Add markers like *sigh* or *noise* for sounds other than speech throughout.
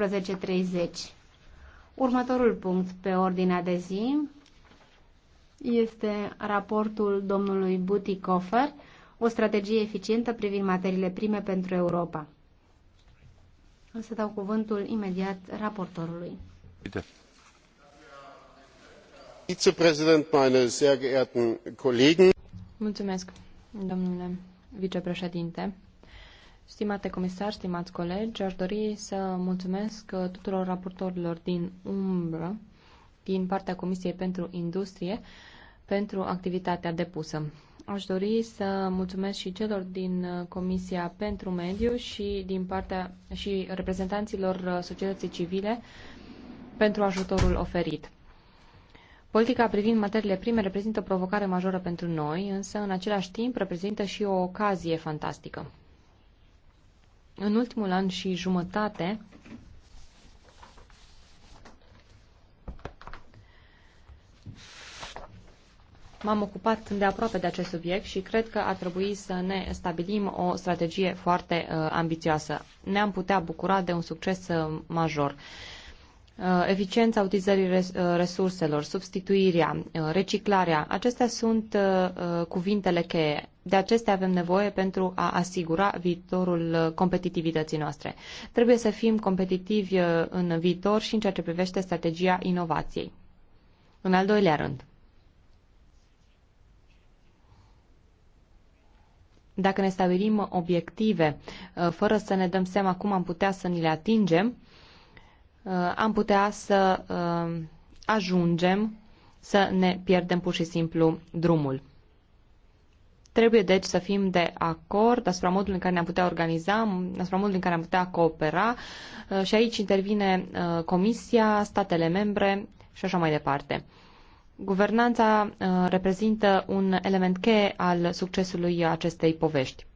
11.30. Următorul punct pe ordinea de zi este raportul domnului Butikofer, o strategie eficientă privind materiile prime pentru Europa. O să dau cuvântul imediat raportorului. Uite. meine sehr geehrten Kollegen. Mulțumesc, domnule vicepreședinte. Stimate comisar, stimați colegi, aș dori să mulțumesc uh, tuturor raportorilor din umbră, din partea Comisiei pentru Industrie, pentru activitatea depusă. Aș dori să mulțumesc și celor din uh, Comisia pentru Mediu și din partea și reprezentanților uh, societății civile pentru ajutorul oferit. Politica privind materiile prime reprezintă o provocare majoră pentru noi, însă în același timp reprezintă și o ocazie fantastică. În ultimul an și jumătate, m-am ocupat aproape de acest subiect și cred că ar trebui să ne stabilim o strategie foarte uh, ambițioasă. Ne-am putea bucura de un succes uh, major. Uh, Uh, eficiența utilizării uh, resurselor, substituirea, uh, reciclarea, acestea sunt cuvintele cheie. De acestea avem nevoie pentru a asigura viitorul competitivității noastre. Trebuie să fim competitivi în viitor și în ceea ce privește strategia inovației. În al doilea rând, dacă ne stabilim obiective fără să ne dăm seama cum am putea să ni le atingem, Uh, am putea să uh, ajungem să ne pierdem pur și simplu drumul. Trebuie deci să fim de acord asupra modului în care ne-am putea organiza, asupra modului în care am putea coopera uh, și aici intervine Comisia, statele membre și așa mai departe. Guvernanța reprezintă un element cheie al succesului acestei povești.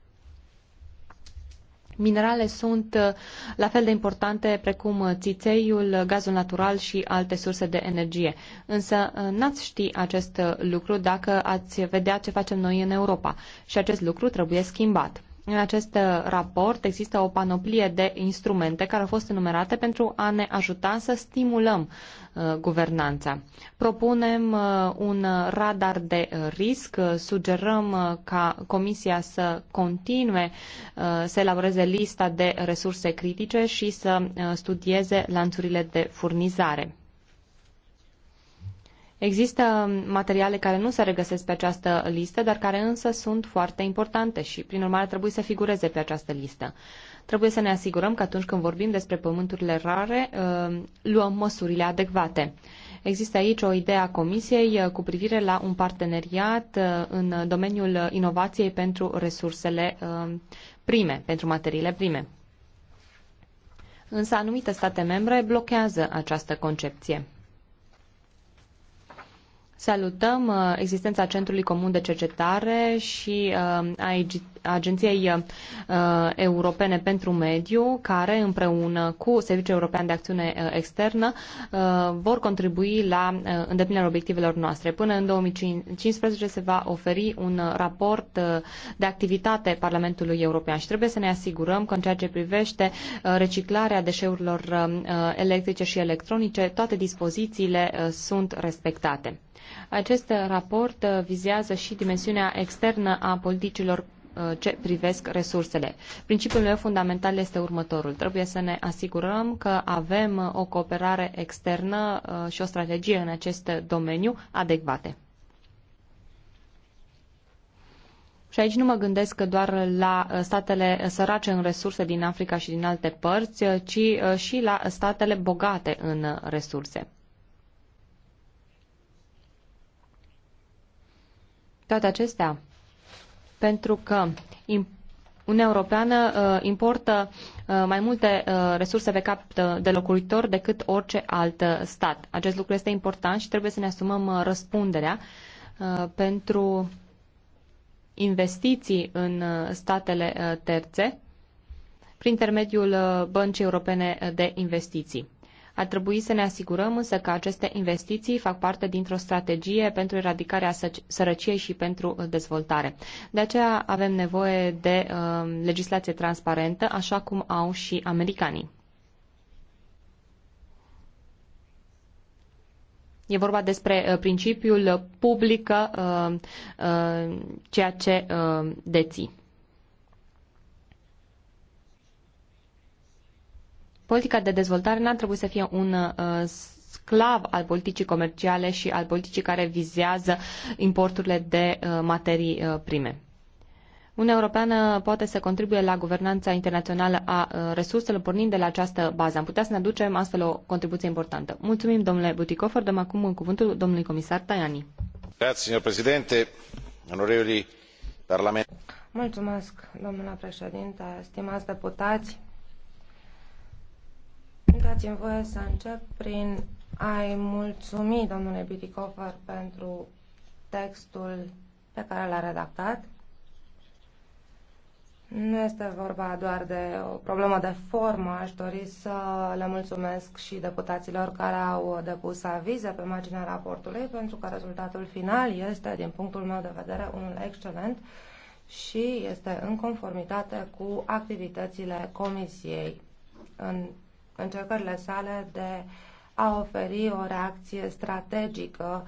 Minerale sunt uh, la fel de importante precum uh, țițeiul, gazul natural și alte surse de energie. Însă uh, n-ați ști acest lucru dacă ați vedea ce facem noi în Europa. Și acest lucru trebuie schimbat în acest uh, raport există o panoplie de instrumente care au fost enumerate pentru a ne ajuta să stimulăm uh, guvernanța. Propunem uh, un radar de risc, sugerăm ca Comisia să continue să elaboreze lista de resurse critice și să studieze lanțurile de furnizare. Există materiale care nu se regăsesc pe această listă, dar care însă sunt foarte importante și, prin urmare, trebuie să figureze pe această listă. Trebuie să ne asigurăm că atunci când vorbim despre pământurile rare, uh, luăm măsurile adecvate. Există aici o idee a Comisiei uh, cu privire la un parteneriat uh, în domeniul inovației pentru resursele prime, pentru materiile prime. Însă anumite state membre blochează această concepție. Salutăm uh, existența Centrului Comun de Cercetare și uh, a Agenției uh, Europene pentru Mediu, care împreună cu Serviciul European de Acțiune Externă vor contribui la îndeplinirea obiectivelor noastre. Până în 2015 se va oferi un raport de activitate Parlamentului European și trebuie să ne asigurăm că în ceea ce privește reciclarea deșeurilor electrice și electronice, toate dispozițiile sunt respectate. Acest raport uh, vizează și dimensiunea externă a politicilor uh, ce privesc resursele. Principiul meu fundamental este următorul. Trebuie să ne asigurăm că avem uh, o cooperare externă și o strategie în acest domeniu adecvate. Și aici nu mă gândesc doar la statele sărace în resurse din Africa și din alte părți, ci și la statele bogate în resurse. Toate acestea pentru că Uniunea Europeană uh, importă uh, mai multe uh, resurse pe cap de locuitor decât orice alt stat. Acest lucru este important și trebuie să ne asumăm răspunderea pentru investiții în statele terțe prin intermediul Băncii Europene de Investiții. Ar trebui să ne asigurăm însă că aceste investiții fac parte dintr-o strategie pentru eradicarea sărăciei și pentru uh, dezvoltare. De aceea avem nevoie de uh, legislație transparentă, așa cum au și americanii. E vorba despre uh, principiul publică uh, ceea ce deții. politica de dezvoltare n-ar trebui să fie un uh, sclav al politicii comerciale și al politicii care vizează importurile de uh, materii uh, prime. Uniunea Europeană poate să contribuie la guvernanța internațională a resurselor pornind de la această bază. Am putea să ne aducem astfel o contribuție importantă. Mulțumim, domnule Buticofer. Dăm acum în cuvântul domnului comisar Tajani. Grazie, președinte. Onorevoli parlament. Mulțumesc, domnule președinte, stimați deputați. Dați-mi voie să încep prin a-i mulțumi domnule Biticofer pentru textul pe care l-a redactat. Nu este vorba doar de o problemă de formă. Aș dori să le mulțumesc și deputaților care au depus avize pe marginea raportului, pentru că rezultatul final este, din punctul meu de vedere, unul excelent și este în conformitate cu activitățile Comisiei în încercările sale de a oferi o reacție strategică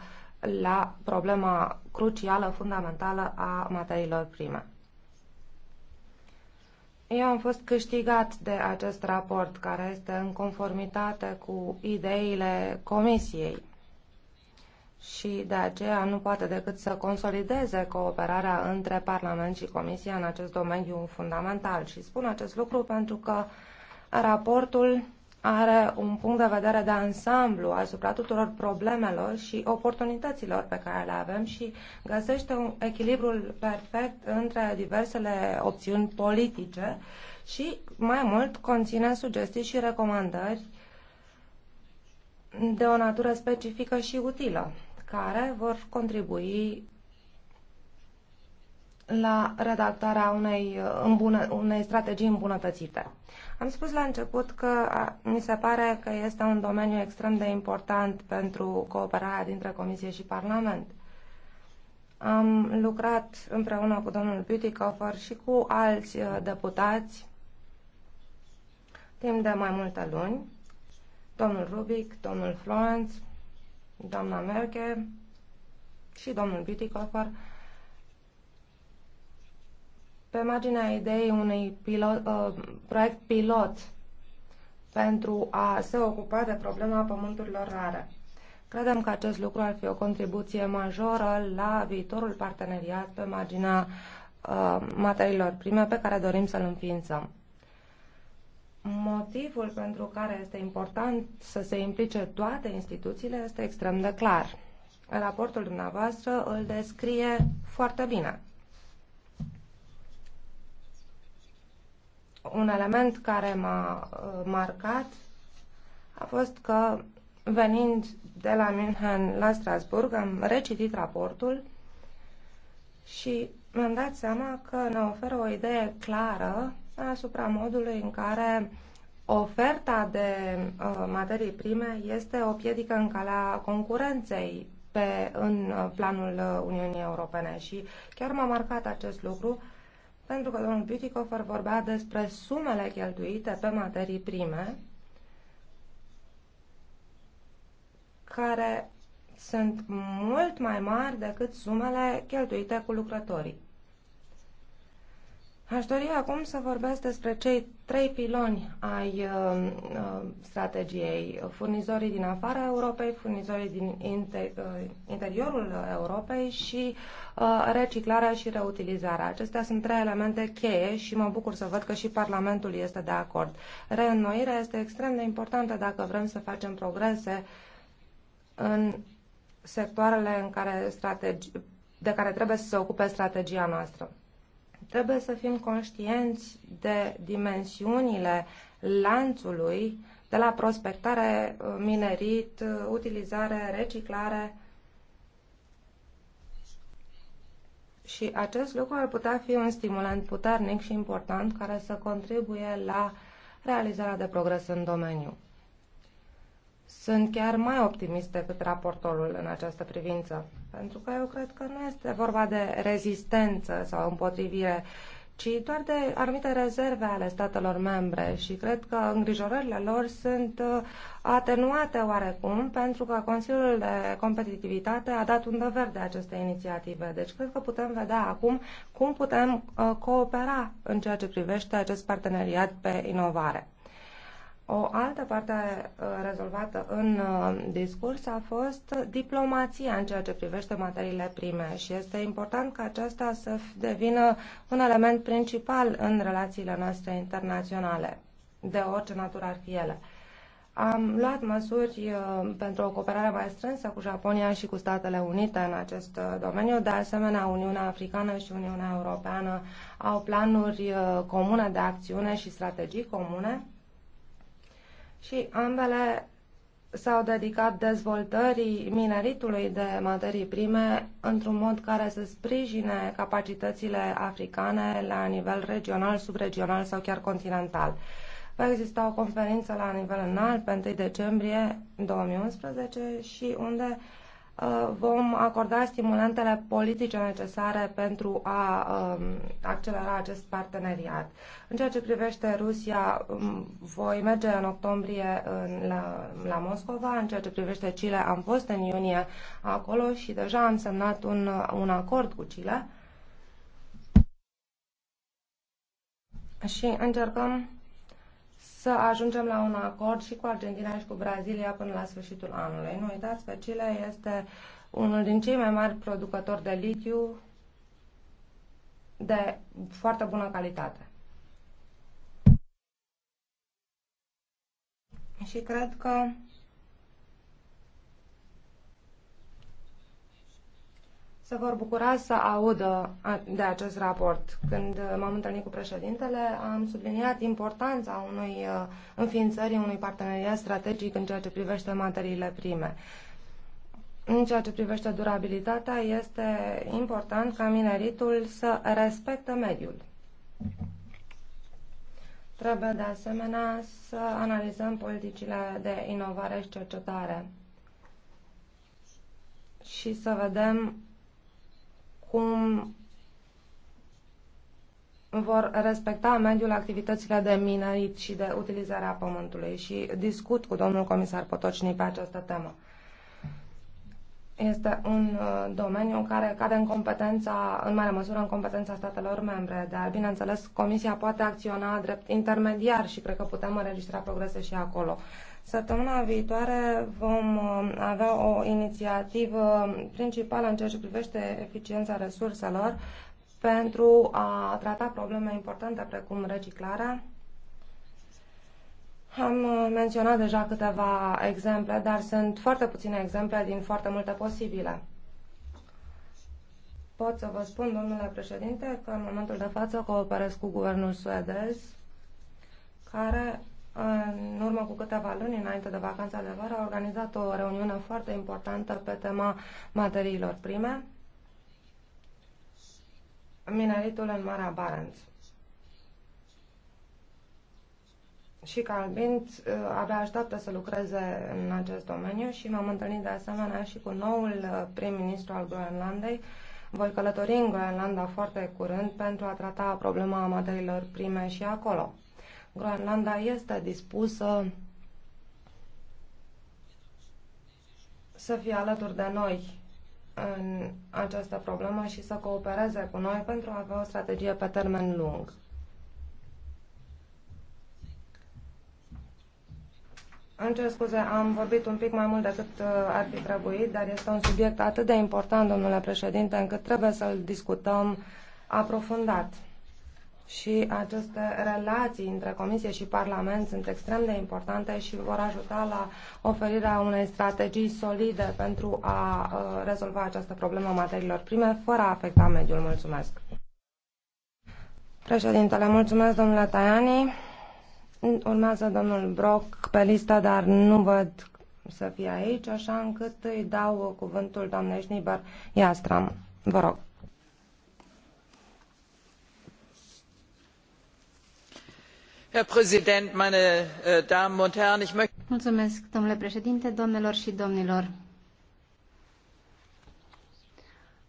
la problema crucială, fundamentală a materiilor prime. Eu am fost câștigat de acest raport, care este în conformitate cu ideile Comisiei și de aceea nu poate decât să consolideze cooperarea între Parlament și Comisia în acest domeniu fundamental. Și spun acest lucru pentru că raportul are un punct de vedere de ansamblu asupra tuturor problemelor și oportunităților pe care le avem și găsește un echilibru perfect între diversele opțiuni politice și, mai mult, conține sugestii și recomandări de o natură specifică și utilă, care vor contribui la redactarea unei, unei strategii îmbunătățite. Am spus la început că mi se pare că este un domeniu extrem de important pentru cooperarea dintre Comisie și Parlament. Am lucrat împreună cu domnul Beautycofer și cu alți uh, deputați timp de mai multe luni, domnul Rubic, domnul Florence, doamna Merkel și domnul Beautycofer, pe marginea ideii unui pilot, uh, proiect pilot pentru a se ocupa de problema pământurilor rare. Credem că acest lucru ar fi o contribuție majoră la viitorul parteneriat pe marginea uh, materiilor prime pe care dorim să-l înființăm. Motivul pentru care este important să se implice toate instituțiile este extrem de clar. Raportul dumneavoastră îl descrie foarte bine. un element care m-a uh, marcat a fost că venind de la München la Strasburg am recitit raportul și mi-am dat seama că ne oferă o idee clară asupra modului în care oferta de uh, materii prime este o piedică în calea concurenței pe, în uh, planul uh, Uniunii Europene și chiar m-a marcat acest lucru uh, pentru că domnul Bütikofer vorbea despre sumele cheltuite pe materii prime, care sunt mult mai mari decât sumele cheltuite cu lucrătorii. Aș dori acum să vorbesc despre cei trei piloni ai uh, uh strategiei. Furnizorii din afara Europei, furnizorii din inter, uh, interiorul Europei și uh, reciclarea și reutilizarea. Acestea sunt trei elemente cheie și mă bucur să văd că și Parlamentul este de acord. Reînnoirea este extrem de importantă dacă vrem să facem progrese în sectoarele în care strategi- de care trebuie să se ocupe strategia noastră. Trebuie să fim conștienți de dimensiunile lanțului de la prospectare, uh, minerit, uh, utilizare, reciclare. Și acest lucru ar putea fi un stimulant puternic și important care să contribuie la realizarea de progres în domeniu sunt chiar mai optimist decât raportorul în această privință, pentru că eu cred că nu este vorba de rezistență sau împotrivire, ci doar de anumite rezerve ale statelor membre și cred că îngrijorările lor sunt uh, atenuate oarecum pentru că Consiliul de Competitivitate a dat undă de aceste inițiative. Deci cred că putem vedea acum cum putem uh, coopera în ceea ce privește acest parteneriat pe inovare. O altă parte uh, rezolvată în uh, discurs a fost diplomația în ceea ce privește materiile prime și este important ca aceasta să devină un element principal în relațiile noastre internaționale, de orice natură ar fi ele. Am luat măsuri uh, pentru o cooperare mai strânsă cu Japonia și cu Statele Unite în acest domeniu. De asemenea, Uniunea Africană și Uniunea Europeană au planuri comune de acțiune și strategii comune și ambele s-au dedicat dezvoltării mineritului de materii prime într-un mod care să sprijine capacitățile africane la nivel regional, subregional sau chiar continental. Va exista o conferință la nivel înalt pe 1 decembrie 2011 și unde uh, Uh, vom acorda stimulantele politice necesare pentru a um, accelera acest parteneriat. În ceea ce privește Rusia, um, voi merge în octombrie în, la, la Moscova, în ceea ce privește Chile, am fost în iunie acolo și deja am semnat un, un acord cu Chile. Și încercăm să ajungem la un acord și cu Argentina și cu Brazilia până la sfârșitul anului. Nu uitați că Chile este unul din cei mai mari producători de litiu de foarte bună calitate. Și cred că se vor bucura să audă de acest raport. Când uh, m-am întâlnit cu președintele, am subliniat importanța unui uh, înființării unui parteneriat strategic în ceea ce privește materiile prime. În ceea ce privește durabilitatea, este important ca mineritul să respecte mediul. Trebuie de asemenea să analizăm politicile de inovare și cercetare și să vedem cum vor respecta mediul activitățile de minerit și de utilizarea pământului și discut cu domnul comisar Potocini pe această temă. Este un uh, domeniu care cade în competența, în mare măsură în competența statelor membre, dar bineînțeles Comisia poate acționa drept intermediar și cred că putem înregistra progrese și acolo. Săptămâna viitoare vom uh, avea o inițiativă principală în ceea ce privește eficiența resurselor pentru a trata probleme importante precum reciclarea. Am uh, menționat deja câteva exemple, dar sunt foarte puține exemple din foarte multe posibile. Pot să vă spun, domnule președinte, că în momentul de față cooperez cu guvernul suedez, care în urmă cu câteva luni, înainte de vacanța de vară, a organizat o reuniune foarte importantă pe tema materiilor prime, mineritul în Marea Barents. Și ca albind ă, abia așteaptă să lucreze în acest domeniu și m-am întâlnit de asemenea și cu noul ă, prim-ministru al Groenlandei. Voi călători în Groenlanda foarte curând pentru a trata problema materiilor prime și acolo. Groenlanda este dispusă să fie alături de noi în această problemă și să coopereze cu noi pentru a avea o strategie pe termen lung. În ce scuze, am vorbit un pic mai mult decât uh, ar fi trebuit, dar este un subiect atât de important, domnule președinte, încât trebuie să-l discutăm aprofundat și aceste relații între Comisie și Parlament sunt extrem de importante și vor ajuta la oferirea unei strategii solide pentru a uh, rezolva această problemă materiilor prime fără a afecta mediul. Mulțumesc! Președintele, mulțumesc domnule Tajani. Urmează domnul Broc pe listă, dar nu văd să fie aici, așa încât îi dau cuvântul doamnei Schnieber Iastram. Vă rog. domnule președinte, domnilor și domnilor.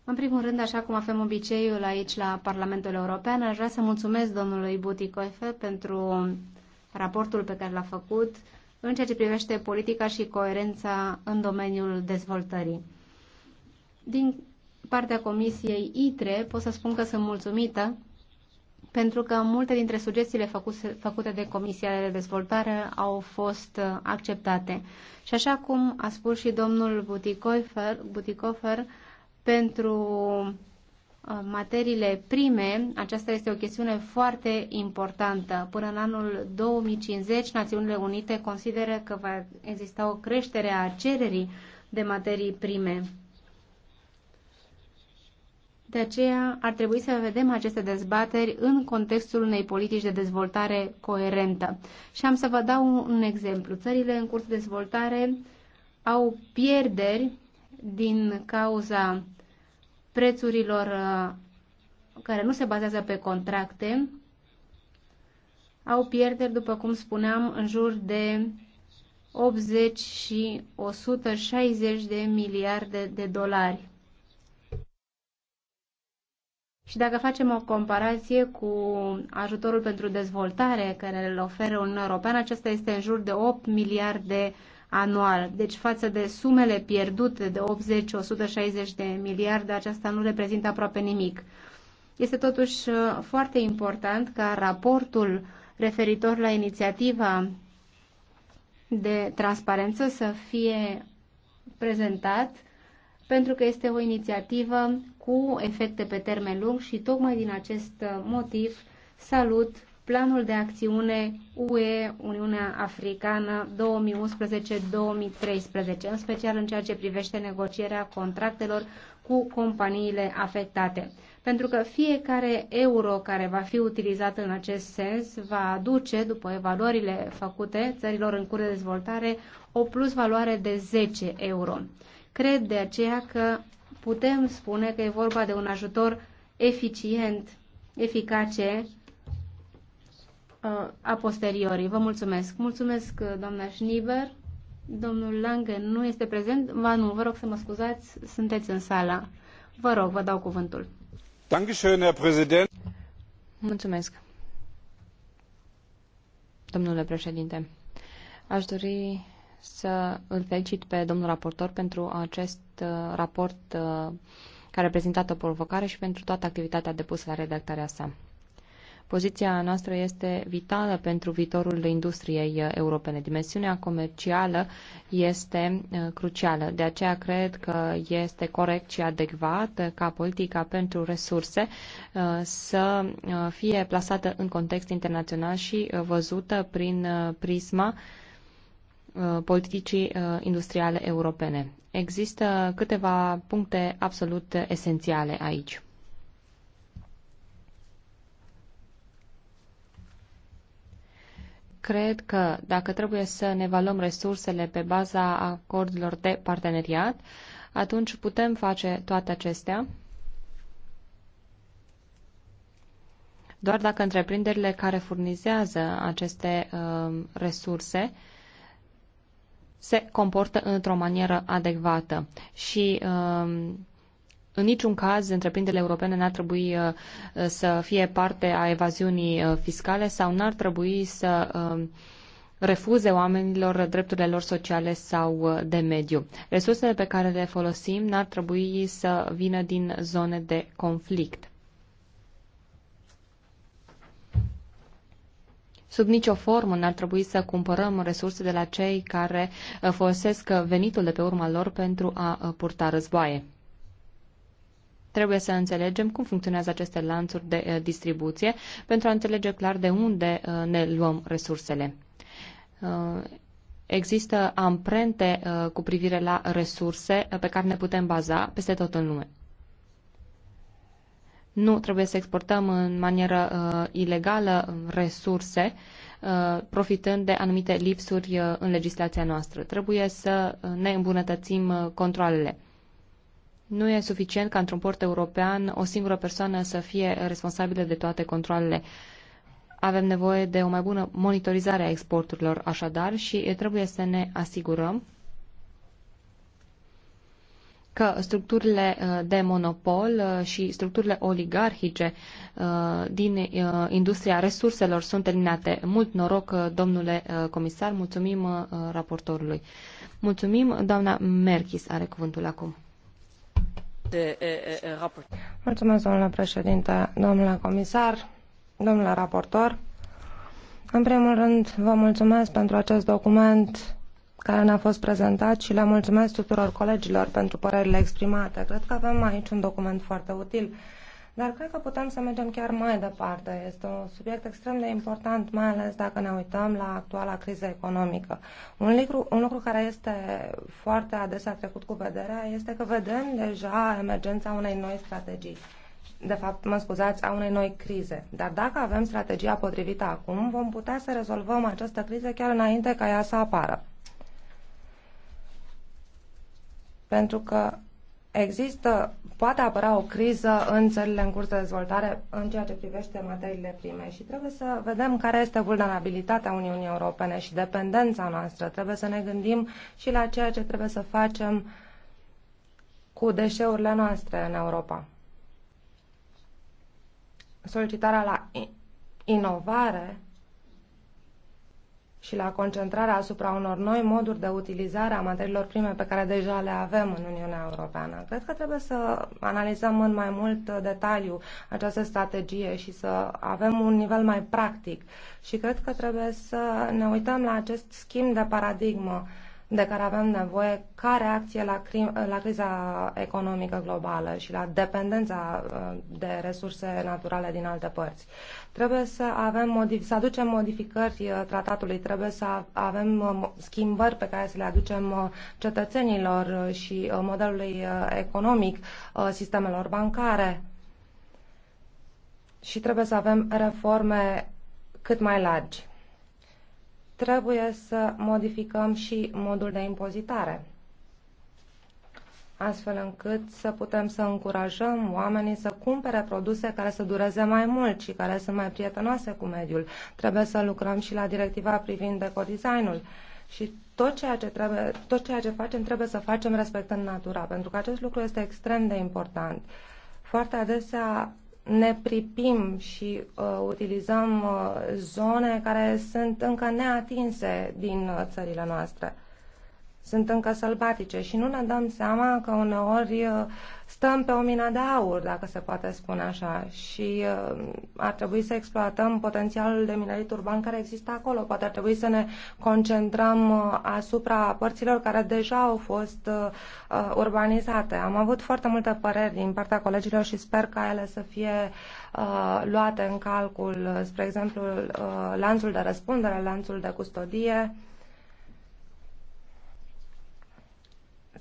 În primul rând, așa cum avem obiceiul aici la Parlamentul European, a vrea să mulțumesc domnului Buticoife pentru raportul pe care l-a făcut în ceea ce privește politica și coerența în domeniul dezvoltării. Din partea Comisiei ITRE pot să spun că sunt mulumită pentru că multe dintre sugestiile făcuse, făcute de Comisia de Dezvoltare au fost uh, acceptate. Și așa cum a spus și domnul Butikofer, Butikofer pentru uh, materiile prime, aceasta este o chestiune foarte importantă. Până în anul 2050, Națiunile Unite consideră că va exista o creștere a cererii de materii prime. De aceea ar trebui să vedem aceste dezbateri în contextul unei politici de dezvoltare coerentă. Și am să vă dau un exemplu. Țările în curs de dezvoltare au pierderi din cauza prețurilor uh, care nu se bazează pe contracte, au pierderi, după cum spuneam, în jur de 80 și 160 de miliarde de dolari. Și dacă facem o comparație cu ajutorul pentru dezvoltare care îl oferă Uniunea Europeană, acesta este în jur de 8 miliarde anual. Deci față de sumele pierdute de 80-160 de miliarde, aceasta nu reprezintă aproape nimic. Este totuși uh, foarte important ca raportul referitor la inițiativa de transparență să fie prezentat pentru că este o inițiativă cu efecte pe termen lung și tocmai din acest motiv salut planul de acțiune UE Uniunea Africană 2011-2013, în special în ceea ce privește negocierea contractelor cu companiile afectate. Pentru că fiecare euro care va fi utilizat în acest sens va aduce, după evaluările făcute țărilor în curs de dezvoltare, o plus valoare de 10 euro. Cred de aceea că putem spune că e vorba de un ajutor eficient, eficace uh, a posteriori. Vă mulțumesc. Mulțumesc, uh, doamna Schnieber. Domnul Lange nu este prezent. Va, nu, vă rog să mă scuzați, sunteți în sala. Vă rog, vă dau cuvântul. Mulțumesc. Domnule președinte, aș dori să îl felicit pe domnul raportor pentru acest uh, raport uh, care a prezentat o provocare și pentru toată activitatea depusă la redactarea sa. Poziția noastră este vitală pentru viitorul industriei uh, europene. Dimensiunea comercială este crucială. De aceea cred că este corect și adecvat ca politica pentru resurse să fie plasată în context internațional și văzută prin prisma Uh, politicii uh, industriale europene. Există câteva puncte absolut esențiale aici. Cred că dacă trebuie să ne evaluăm resursele pe baza acordurilor de parteneriat, atunci putem face toate acestea doar dacă întreprinderile care furnizează aceste uh, resurse uh, se comportă într-o manieră adecvată și um, în niciun caz întreprinderile europene n-ar trebui uh, să fie parte a evaziunii uh, fiscale sau n-ar trebui să um, refuze oamenilor drepturile lor sociale sau uh, de mediu. Resursele pe care le folosim n-ar trebui să vină din zone de conflict. Sub nicio formă n-ar trebui să cumpărăm resurse de la cei care uh, folosesc uh, venitul de pe urma lor pentru a uh, purta războaie. Trebuie să înțelegem cum funcționează aceste lanțuri de distribuție pentru a înțelege clar de unde ne luăm resursele. Există amprente cu privire la resurse pe care ne putem baza peste tot în lume. Nu trebuie să exportăm în manieră uh, ilegală um, resurse, uh, profitând de anumite lipsuri uh, în legislația noastră. Trebuie să uh, ne îmbunătățim uh, controlele. Nu e suficient ca într-un port european o singură persoană să fie responsabilă de toate controlele. Avem nevoie de o mai bună monitorizare a exporturilor, așadar, și uh, trebuie să ne asigurăm că structurile uh, de monopol uh, și structurile oligarhice uh, din industria resurselor sunt eliminate. Mult noroc, domnule comisar, mulțumim raportorului. Mulțumim, doamna Merchis are cuvântul acum. De, e, e, raport. Mulțumesc, domnule președinte, domnule comisar, domnule raportor. În primul rând, vă mulțumesc pentru acest document care ne-a fost prezentat și le mulțumesc tuturor colegilor pentru părerile exprimate. Cred că avem aici un document foarte util, dar cred că putem să mergem chiar mai departe. Este un subiect extrem de important, mai ales dacă ne uităm la actuala criză economică. Un lucru, un lucru care este foarte adesea trecut cu vederea este că vedem deja emergența unei noi strategii de fapt, mă scuzați, a unei noi crize. Dar dacă avem strategia potrivită acum, vom putea să rezolvăm această criză chiar înainte ca ea să apară. Pentru că există, poate apăra o criză în țările în curs de dezvoltare în ceea ce privește materiile prime și trebuie să vedem care este vulnerabilitatea Uniunii Europene și dependența noastră. Trebuie să ne gândim și la ceea ce trebuie să facem cu deșeurile noastre în Europa. Solicitarea la inovare și la concentrarea asupra unor noi moduri de utilizare a materiilor prime pe care deja le avem în Uniunea Europeană. Cred că trebuie să analizăm în mai mult detaliu această strategie și să avem un nivel mai practic. Și cred că trebuie să ne uităm la acest schimb de paradigmă de care avem nevoie ca reacție la, cri- la criza economică globală și la dependența uh, de resurse naturale din alte părți. Trebuie să avem modif- să aducem modificări uh, tratatului, trebuie să avem uh, schimbări pe care să le aducem uh, cetățenilor și modelului economic, sistemelor bancare. Și trebuie să avem reforme cât mai largi. Trebuie să modificăm și modul de impozitare astfel încât să putem să încurajăm oamenii să cumpere produse care să dureze mai mult și care sunt mai prietenoase cu mediul. Trebuie să lucrăm și la directiva privind ecodesignul. Și tot ceea, ce trebuie, tot ceea ce facem trebuie să facem respectând natura, pentru că acest lucru este extrem de important. Foarte adesea ne pripim și uh, utilizăm uh, zone care sunt încă neatinse din uh, țările noastre sunt încă sălbatice și nu ne dăm seama că uneori uh, stăm pe o mină de aur, dacă se poate spune așa, și uh, ar trebui să exploatăm potențialul de minerit urban care există acolo. Poate ar trebui să ne concentrăm uh, asupra părților care deja au fost urbanizate. Am avut foarte multe păreri din partea colegilor și sper ca ele să fie luate în calcul, spre exemplu, lanțul de răspundere, lanțul de custodie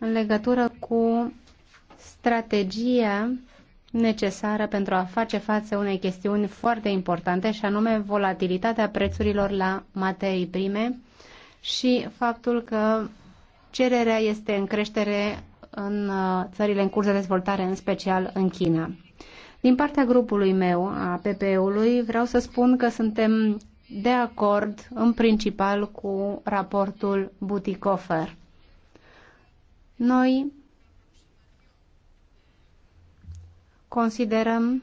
în legătură cu strategia necesară pentru a face față unei chestiuni foarte importante și anume volatilitatea prețurilor la materii prime și faptul că cererea este în creștere în uh, țările în curs de dezvoltare, în special în China. Din partea grupului meu, a PPE-ului, vreau să spun că suntem de acord în principal cu raportul Butikofer. Noi considerăm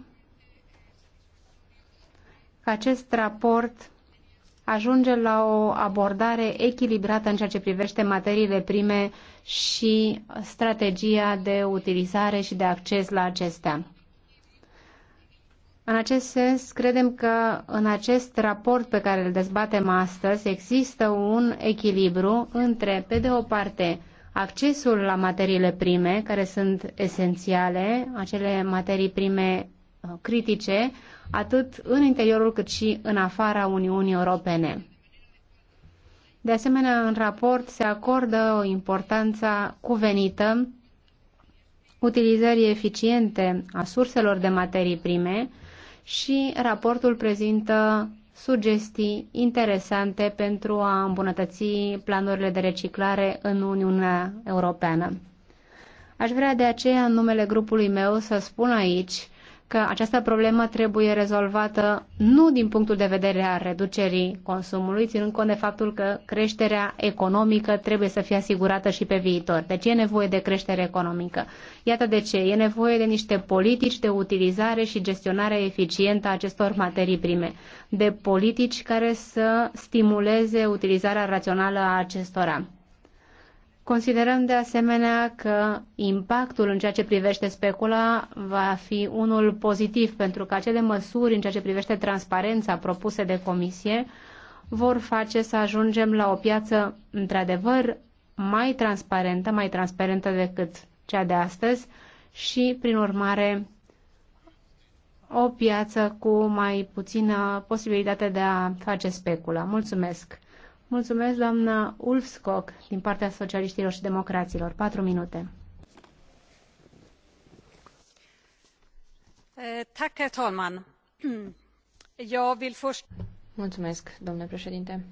că acest raport ajunge la o abordare echilibrată în ceea ce privește materiile prime și strategia de utilizare și de acces la acestea. În acest sens, credem că în acest raport pe care îl dezbatem astăzi există un echilibru între, pe de o parte, accesul la materiile prime, care sunt esențiale, acele materii prime uh, critice, atât în interiorul cât și în afara Uniunii Europene. De asemenea, în raport se acordă o importanță cuvenită utilizării eficiente a surselor de materii prime și raportul prezintă sugestii interesante pentru a îmbunătăți planurile de reciclare în Uniunea Europeană. Aș vrea de aceea, în numele grupului meu, să spun aici că această problemă trebuie rezolvată nu din punctul de vedere a reducerii consumului, ținând cont de faptul că creșterea economică trebuie să fie asigurată și pe viitor. Deci e nevoie de creștere economică. Iată de ce. E nevoie de niște politici de utilizare și gestionare eficientă a acestor materii prime, de politici care să stimuleze utilizarea rațională a acestora. Considerăm de asemenea că impactul în ceea ce privește specula va fi unul pozitiv pentru că acele măsuri în ceea ce privește transparența propuse de comisie vor face să ajungem la o piață într-adevăr mai transparentă, mai transparentă decât cea de astăzi și, prin urmare, o piață cu mai puțină posibilitate de a face specula. Mulțumesc! Mulțumesc, doamna Ulfskog, din partea socialiștilor și democraților. Patru minute. Eh, *clears throat* Mulțumesc, domnule președinte.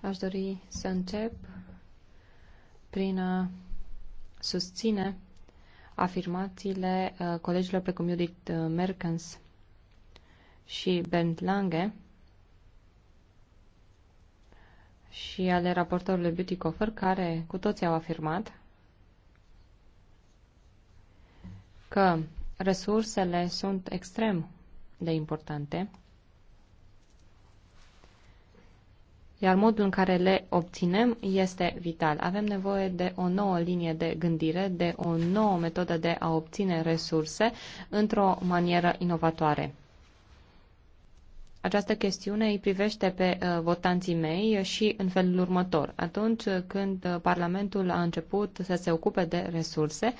Aș dori să încep prin a susține afirmațiile eh, colegilor precum Judith eh, Merkens și Bernd Lange și ale raportorului Coffer, care cu toții au afirmat că resursele sunt extrem de importante, iar modul în care le obținem este vital. Avem nevoie de o nouă linie de gândire, de o nouă metodă de a obține resurse într-o manieră inovatoare. Această chestiune îi privește pe uh, votanții mei și în felul următor. Atunci când uh, Parlamentul a început să se ocupe de resurse,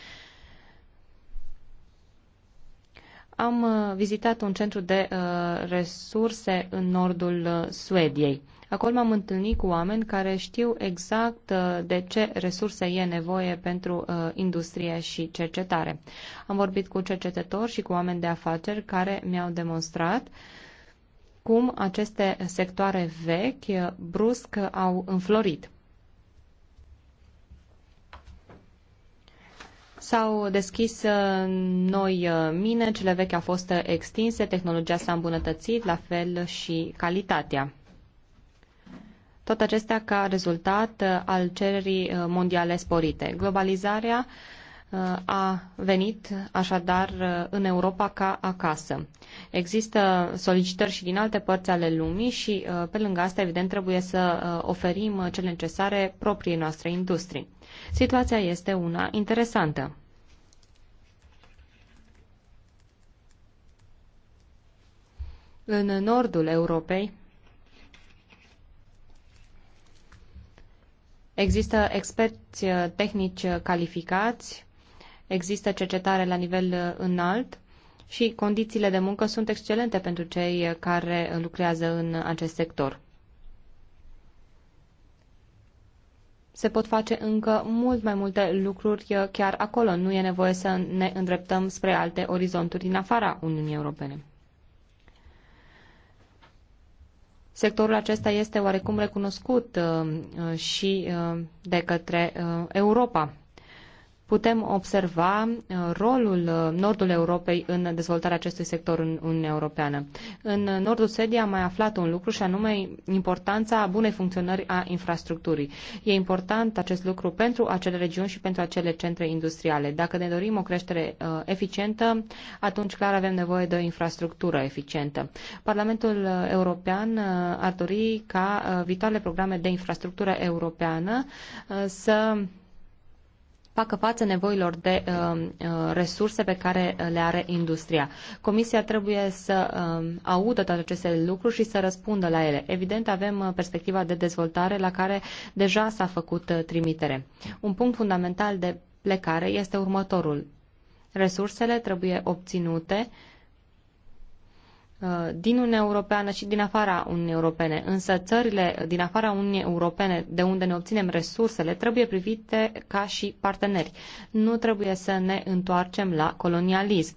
am uh, vizitat un centru de uh, resurse în nordul uh, Suediei. Acolo m-am întâlnit cu oameni care știu exact de ce resurse e nevoie pentru uh, industrie și cercetare. Am vorbit cu cercetători și cu oameni de afaceri care mi-au demonstrat uh, cum aceste sectoare vechi brusc au înflorit. S-au deschis uh, noi uh, mine, cele vechi au fost extinse, tehnologia s-a îmbunătățit, la fel și calitatea. Tot acestea ca rezultat uh, al cererii mondiale sporite. Globalizarea uh, Uh, a venit așadar uh, în Europa ca acasă. Există solicitări și din alte părți ale lumii și uh, pe lângă asta, evident, trebuie să oferim cele necesare propriei noastre industrii. Situația este una interesantă. În nordul Europei, Există experți tehnici calificați există cercetare la nivel uh, înalt și condițiile de muncă sunt excelente pentru cei uh, care lucrează în acest sector. Se pot face încă mult mai multe lucruri uh, chiar acolo. Nu e nevoie să ne îndreptăm spre alte orizonturi din afara Uniunii Europene. Sectorul acesta este oarecum recunoscut și de către Europa putem observa uh, rolul uh, nordul Europei în dezvoltarea acestui sector în Uniunea Europeană. În uh, nordul Sediei am mai aflat un lucru și anume importanța bunei funcționări a infrastructurii. E important acest lucru pentru acele regiuni și pentru acele centre industriale. Dacă ne dorim o creștere eficientă, atunci clar avem nevoie de o infrastructură eficientă. Parlamentul European ar dori ca viitoarele programe de infrastructură europeană să facă față nevoilor de uh, uh resurse pe care uh, le are industria. Comisia trebuie să uh, audă toate aceste lucruri și să răspundă la ele. Evident, avem uh, perspectiva de dezvoltare la care deja s-a făcut trimitere. Un punct fundamental de plecare este următorul. Resursele trebuie obținute uh, Uh, din Uniunea Europeană și din afara Uniunii Europene. Însă țările din afara Uniunii Europene, de unde ne obținem resursele, trebuie privite ca și parteneri. Nu trebuie să ne întoarcem la colonialism.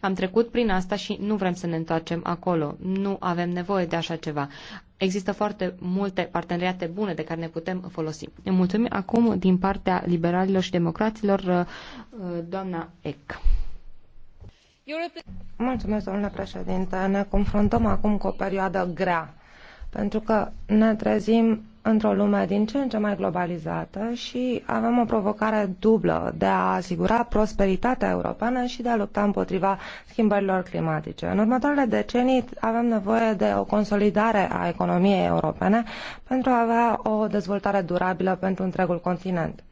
Am trecut prin asta și nu vrem să ne întoarcem acolo. Nu avem nevoie de așa ceva. Există foarte multe parteneriate bune de care ne putem folosi. Ne mulțumim acum din partea liberalilor și democraților uh, uh, doamna Eck. Mulțumesc, domnule președinte. Ne confruntăm acum cu o perioadă grea, pentru că ne trezim într-o lume din ce în ce mai globalizată și avem o provocare dublă de a asigura prosperitatea europeană și de a lupta împotriva schimbărilor climatice. În următoarele decenii avem nevoie de o consolidare a economiei europene pentru a avea o dezvoltare durabilă pentru întregul continent.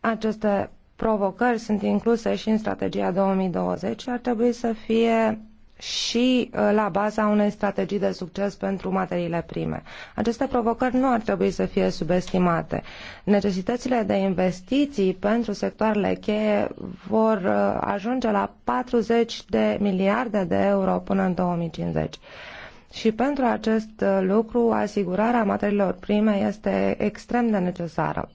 Aceste provocări sunt incluse și în strategia 2020 și ar trebui să fie și uh, la baza unei strategii de succes pentru materiile prime. Aceste provocări nu ar trebui să fie subestimate. Necesitățile de investiții pentru sectoarele cheie vor uh, ajunge la 40 de miliarde de euro până în 2050. Și pentru acest uh, lucru, asigurarea materiilor prime este extrem de necesară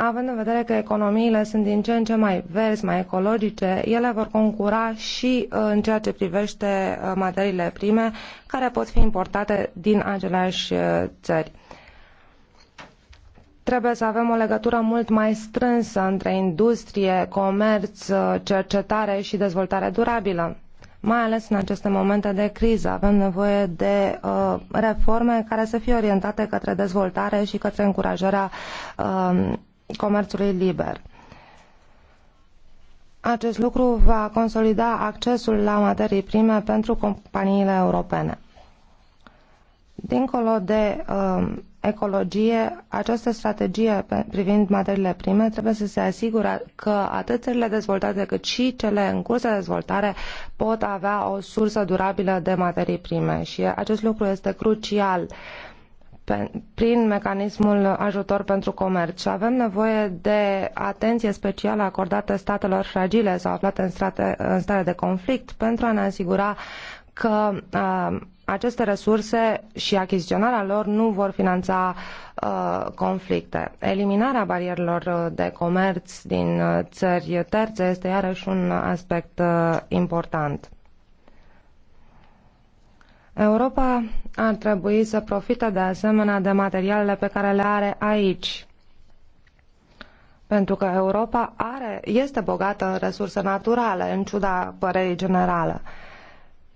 având în vedere că economiile sunt din ce în ce mai verzi, mai ecologice, ele vor concura și uh, în ceea ce privește uh, materiile prime care pot fi importate din aceleași uh, țări. Trebuie să avem o legătură mult mai strânsă între industrie, comerț, cercetare și dezvoltare durabilă. Mai ales în aceste momente de criză avem nevoie de uh, reforme care să fie orientate către dezvoltare și către încurajarea uh, comerțului liber. Acest lucru va consolida accesul la materii prime pentru companiile europene. Dincolo de uh, ecologie, această strategie privind materiile prime trebuie să se asigure că atât țările dezvoltate cât și cele în curs de dezvoltare pot avea o sursă durabilă de materii prime și acest lucru este crucial uh, prin mecanismul ajutor pentru comerț și avem nevoie de atenție specială acordată statelor fragile sau aflate în, strate, în stare de conflict pentru a ne asigura că a, aceste resurse și achiziționarea lor nu vor finanța a, conflicte. Eliminarea barierelor de comerț din țări terțe este iarăși un aspect a, important. Europa ar trebui să profite de asemenea de materialele pe care le are aici, pentru că Europa are, este bogată în resurse naturale, în ciuda părerii generale.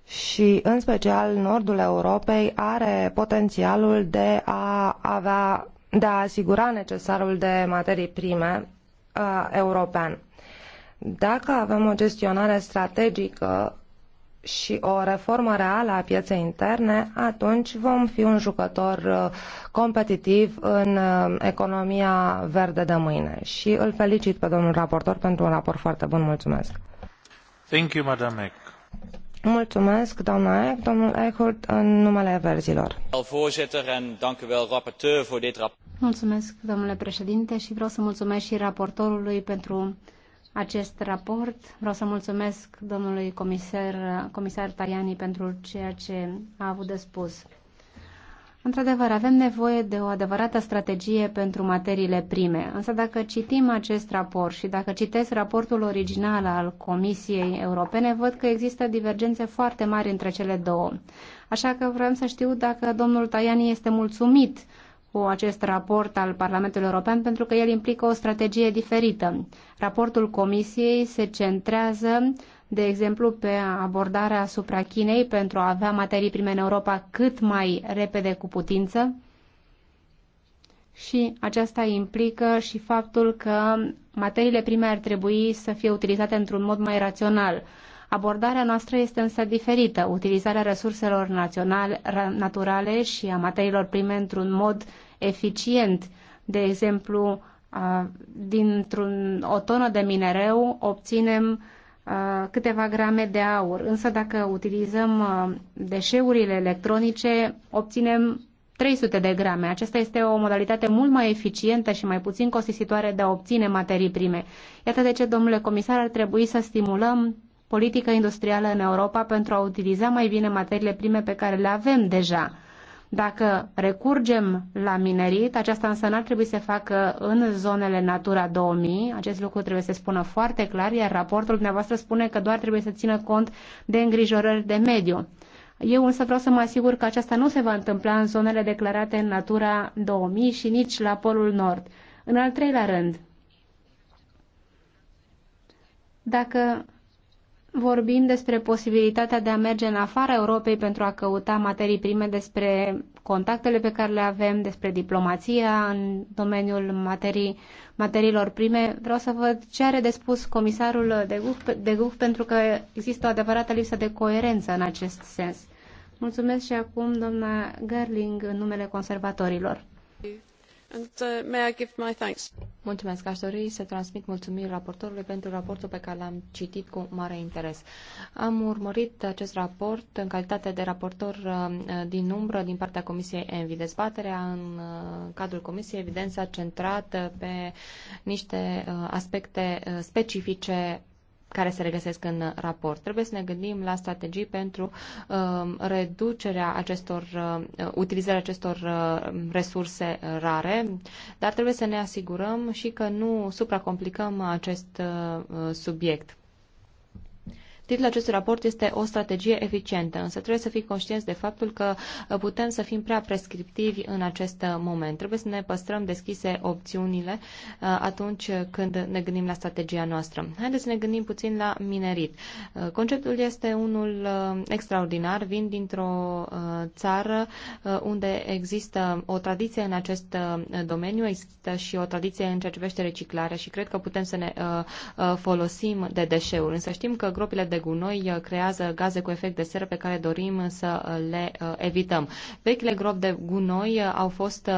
Și, în special, nordul Europei are potențialul de a, avea, de a asigura necesarul de materii prime uh, european. Dacă avem o gestionare strategică și o reformă reală a pieței interne, atunci vom fi un jucător uh, competitiv în uh, economia verde de mâine. Și îl felicit pe domnul raportor pentru un raport foarte bun. Mulțumesc! Thank you, Madam Eck. Mulțumesc, doamna Eck, domnul Eckhart, în numele verzilor. Mulțumesc, domnule președinte, și vreau să mulțumesc și raportorului pentru acest raport. Vreau să mulțumesc domnului comisar, comisar Tariani pentru ceea ce a avut de spus. Într-adevăr, avem nevoie de o adevărată strategie pentru materiile prime, însă dacă citim acest raport și dacă citesc raportul original al Comisiei Europene, văd că există divergențe foarte mari între cele două. Așa că vreau să știu dacă domnul Tajani este mulțumit cu acest raport al Parlamentului European pentru că el implică o strategie diferită. Raportul Comisiei se centrează, de exemplu, pe abordarea asupra Chinei pentru a avea materii prime în Europa cât mai repede cu putință și aceasta implică și faptul că materiile prime ar trebui să fie utilizate într-un mod mai rațional. Abordarea noastră este însă diferită. Utilizarea resurselor naționale, naturale și a materiilor prime într-un mod eficient, de exemplu, dintr-un o tonă de minereu obținem câteva grame de aur. Însă dacă utilizăm deșeurile electronice, obținem 300 de grame. Aceasta este o modalitate mult mai eficientă și mai puțin costisitoare de a obține materii prime. Iată de ce, domnule comisar, ar trebui să stimulăm politică industrială în Europa pentru a utiliza mai bine materiile prime pe care le avem deja. Dacă recurgem la minerit, aceasta însă n-ar trebui să facă în zonele Natura 2000. Acest lucru trebuie să spună foarte clar, iar raportul dumneavoastră spune că doar trebuie să țină cont de îngrijorări de mediu. Eu însă vreau să mă asigur că aceasta nu se va întâmpla în zonele declarate în Natura 2000 și nici la Polul Nord. În al treilea rând, dacă vorbim despre posibilitatea de a merge în afara Europei pentru a căuta materii prime despre contactele pe care le avem, despre diplomația în domeniul materii, materiilor prime. Vreau să văd ce are de spus comisarul de GUF, de GUF pentru că există o adevărată lipsă de coerență în acest sens. Mulțumesc și acum doamna Gerling în numele conservatorilor. And, uh, Mulțumesc. Aș dori să transmit mulțumiri raportorului pentru raportul pe care l-am citit cu mare interes. Am urmărit acest raport în calitate de raportor uh, din umbră din partea Comisiei Envi. Dezbaterea în uh, cadrul Comisiei, evident, s-a centrat pe niște aspecte specifice care se regăsesc în raport. Trebuie să ne gândim la strategii pentru uh, reducerea acestor, uh, utilizarea acestor uh, resurse rare, dar trebuie să ne asigurăm și că nu supracomplicăm acest uh, subiect. Titlul acestui raport este o strategie eficientă, însă trebuie să fim conștienți de faptul că uh, putem să fim prea prescriptivi în acest uh, moment. Trebuie să ne păstrăm deschise opțiunile uh, atunci când ne gândim la strategia noastră. Haideți să ne gândim puțin la minerit. Conceptul este unul extraordinar. Vin dintr-o țară unde există o tradiție în acest domeniu, există și o tradiție în ceea ce privește reciclarea și cred că putem să ne folosim de deșeuri. Însă știm că gropile de gunoi uh, creează gaze cu efect de seră pe care dorim să uh, le uh, evităm. Vechile gropi de gunoi au fost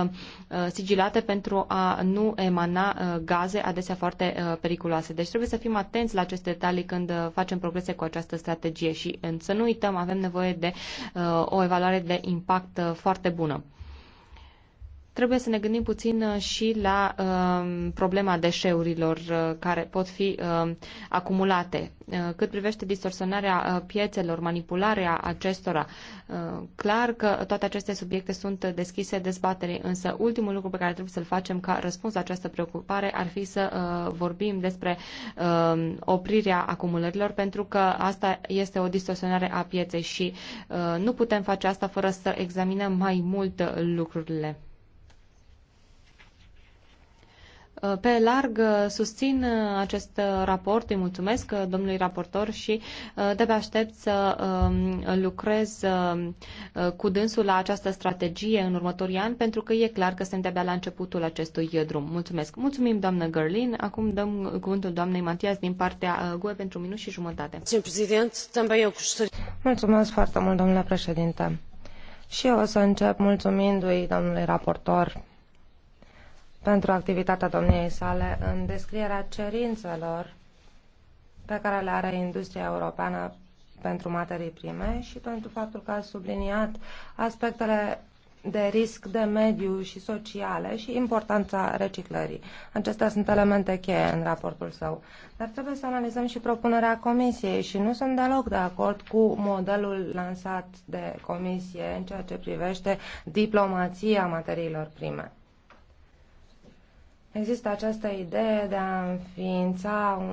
sigilate pentru a nu emana gaze adesea foarte periculoase. Deci trebuie să fim atenți la aceste detalii când facem progrese cu această strategie și să nu uităm, avem nevoie de o evaluare de impact foarte bună trebuie să ne gândim puțin uh, și la uh, problema deșeurilor uh, care pot fi um, uh, acumulate. Cât privește distorsionarea uh, piețelor, manipularea acestora, uh, clar că toate aceste subiecte sunt deschise dezbaterii, însă ultimul lucru pe care trebuie să-l facem ca răspuns la această preocupare ar fi să vorbim despre um, oprirea acumulărilor, pentru că asta este o distorsionare a pieței și nu putem face asta fără să examinăm mai mult lucrurile. Uh, pe larg uh, susțin uh, acest raport, îi mulțumesc domnului raportor și de pe aștept să um, lucrez cu dânsul la această strategie în următorii ani, pentru că e clar că suntem de-abia la începutul acestui drum. Mulțumesc! Mulțumim, doamnă Gărlin! Acum dăm cuvântul doamnei Matias din partea GUE pentru minut și jumătate. Mulțumesc foarte mult, domnule președinte. Și eu o să încep mulțumindu-i domnului raportor pentru activitatea domniei sale în descrierea cerințelor pe care le are industria europeană pentru materii prime și pentru faptul că a subliniat aspectele de risc de mediu și sociale și importanța reciclării. Acestea sunt elemente cheie în raportul său. Dar trebuie să analizăm și propunerea Comisiei și nu sunt deloc de acord cu modelul lansat de Comisie în ceea ce privește diplomația materiilor prime. Există această idee de a înființa un,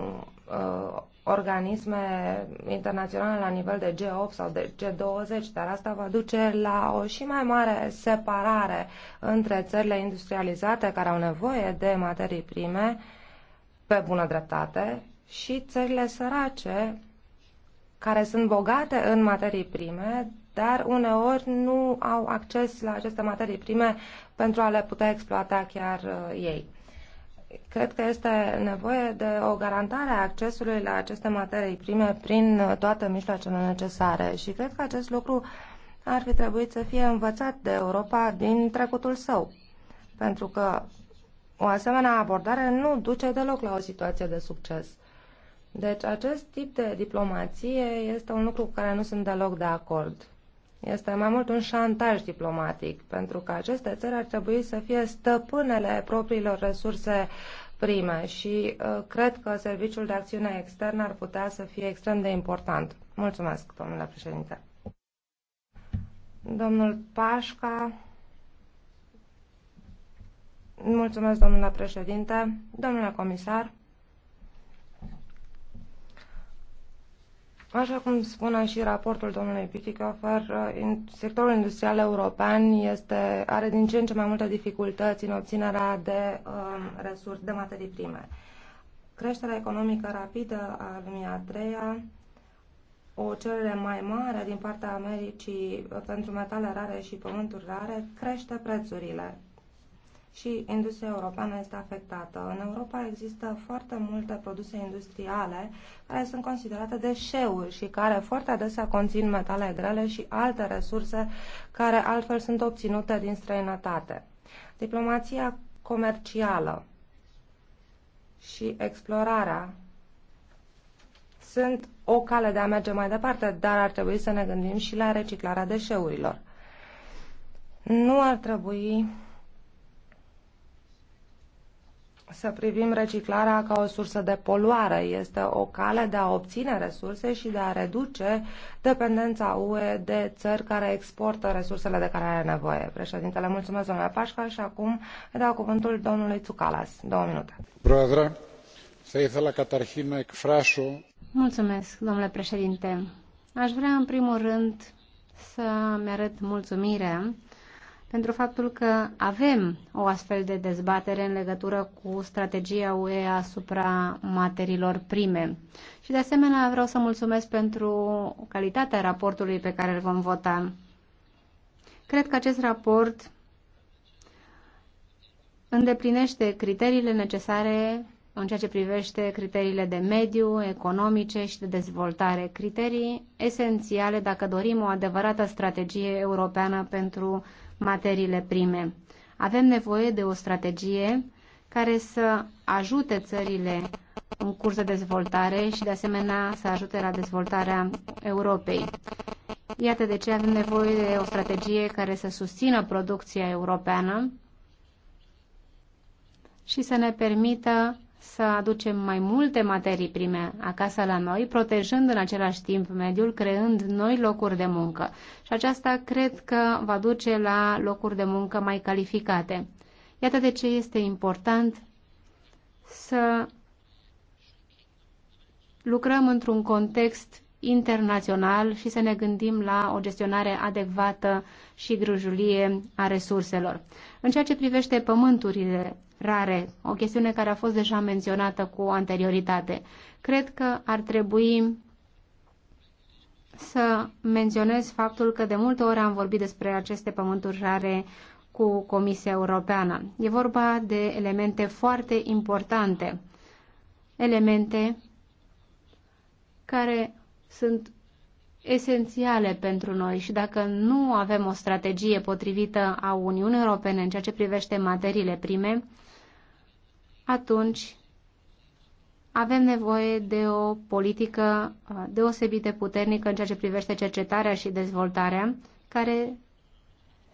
uh, organisme internaționale la nivel de G8 sau de G20, dar asta va duce la o și mai mare separare între țările industrializate care au nevoie de materii prime pe bună dreptate și țările sărace care sunt bogate în materii prime, dar uneori nu au acces la aceste materii prime pentru a le putea exploata chiar uh, ei cred că este nevoie de o garantare a accesului la aceste materii prime prin toate mijloacele necesare și cred că acest lucru ar fi trebuit să fie învățat de Europa din trecutul său, pentru că o asemenea abordare nu duce deloc la o situație de succes. Deci acest tip de diplomație este un lucru cu care nu sunt deloc de acord. Este mai mult un șantaj diplomatic, pentru că aceste țări ar trebui să fie stăpânele propriilor resurse prime și uh, cred că Serviciul de Acțiune Externă ar putea să fie extrem de important. Mulțumesc, domnule președinte. Domnul Pașca. Mulțumesc, domnule președinte. Domnule comisar. Așa cum spune și raportul domnului Pitikofer, sectorul industrial european este, are din ce în ce mai multe dificultăți în obținerea de um, resurse, de materii prime. Creșterea economică rapidă a lumii a treia, o cerere mai mare din partea Americii pentru metale rare și pământuri rare, crește prețurile și industria europeană este afectată. În Europa există foarte multe produse industriale care sunt considerate deșeuri și care foarte adesea conțin metale grele și alte resurse care altfel sunt obținute din străinătate. Diplomația comercială și explorarea sunt o cale de a merge mai departe, dar ar trebui să ne gândim și la reciclarea deșeurilor. Nu ar trebui să privim reciclarea ca o sursă de poluare. Este o cale de a obține resurse și de a reduce dependența UE de țări care exportă resursele de care are nevoie. Președintele, mulțumesc, domnule Pașca, și acum îi dau cuvântul domnului Tsukalas. Două minute. Brother, să la catarhina Cfrașu. Mulțumesc, domnule președinte. Aș vrea, în primul rând, să-mi arăt mulțumirea pentru faptul că avem o astfel de dezbatere în legătură cu strategia UE asupra materiilor prime. Și de asemenea vreau să mulțumesc pentru calitatea raportului pe care îl vom vota. Cred că acest raport îndeplinește criteriile necesare în ceea ce privește criteriile de mediu, economice și de dezvoltare, criterii esențiale dacă dorim o adevărată strategie europeană pentru materiile prime. Avem nevoie de o strategie care să ajute țările în curs de dezvoltare și, de asemenea, să ajute la dezvoltarea Europei. Iată de ce avem nevoie de o strategie care să susțină producția europeană și să ne permită să aducem mai multe materii prime acasă la noi, protejând în același timp mediul, creând noi locuri de muncă. Și aceasta cred că va duce la locuri de muncă mai calificate. Iată de ce este important să lucrăm într-un context internațional și să ne gândim la o gestionare adecvată și grujulie a resurselor. În ceea ce privește pământurile rare, o chestiune care a fost deja menționată cu anterioritate. Cred că ar trebui să menționez faptul că de multe ori am vorbit despre aceste pământuri rare cu Comisia Europeană. E vorba de elemente foarte importante, elemente care sunt esențiale pentru noi și dacă nu avem o strategie potrivită a Uniunii Europene în ceea ce privește materiile prime, atunci avem nevoie de o politică uh, deosebit de puternică în ceea ce privește cercetarea și dezvoltarea, care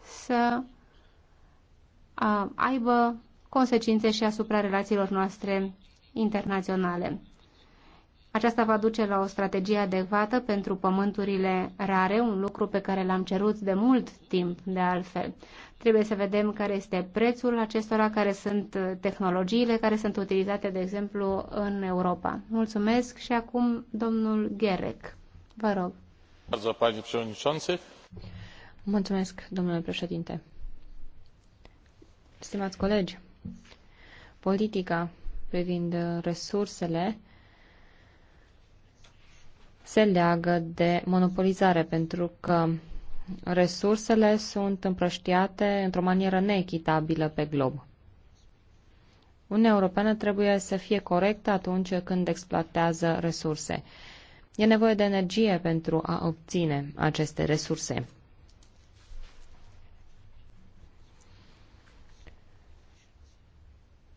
să uh, aibă consecințe și asupra relațiilor noastre internaționale. Aceasta va duce la o strategie adecvată pentru pământurile rare, un lucru pe care l-am cerut de mult timp, de altfel. Trebuie să vedem care este prețul acestora, care sunt tehnologiile care sunt utilizate, de exemplu, în Europa. Mulțumesc și acum domnul Gerec. Vă rog. Mulțumesc, domnule președinte. Stimați colegi, politica privind resursele se leagă de monopolizare, pentru că resursele sunt împrăștiate într-o manieră neechitabilă pe glob. Uniunea Europeană trebuie să fie corectă atunci când exploatează resurse. E nevoie de energie pentru a obține aceste resurse.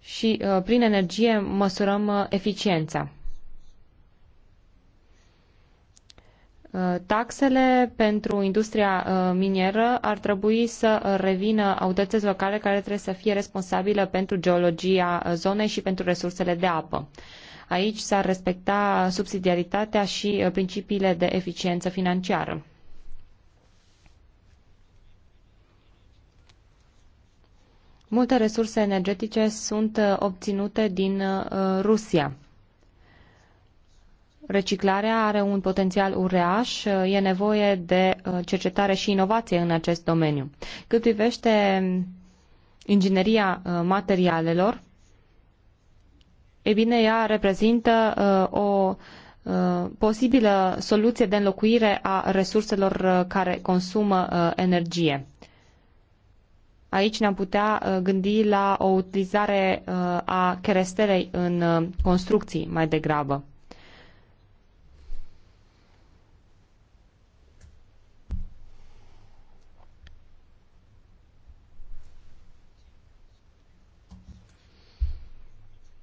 Și uh, prin energie măsurăm uh, eficiența. Taxele pentru industria uh, minieră ar trebui să revină autorități locale care trebuie să fie responsabile pentru geologia uh, zonei și pentru resursele de apă. Aici s-ar respecta subsidiaritatea și uh, principiile de eficiență financiară. Multe resurse energetice sunt obținute din Rusia. Reciclarea are un potențial uriaș, e nevoie de uh, cercetare și inovație în acest domeniu. Cât privește ingineria uh, materialelor, e bine, ea reprezintă uh, o posibilă soluție de înlocuire a resurselor care consumă energie. Aici ne-am putea gândi la o utilizare a cherestelei în construcții mai degrabă.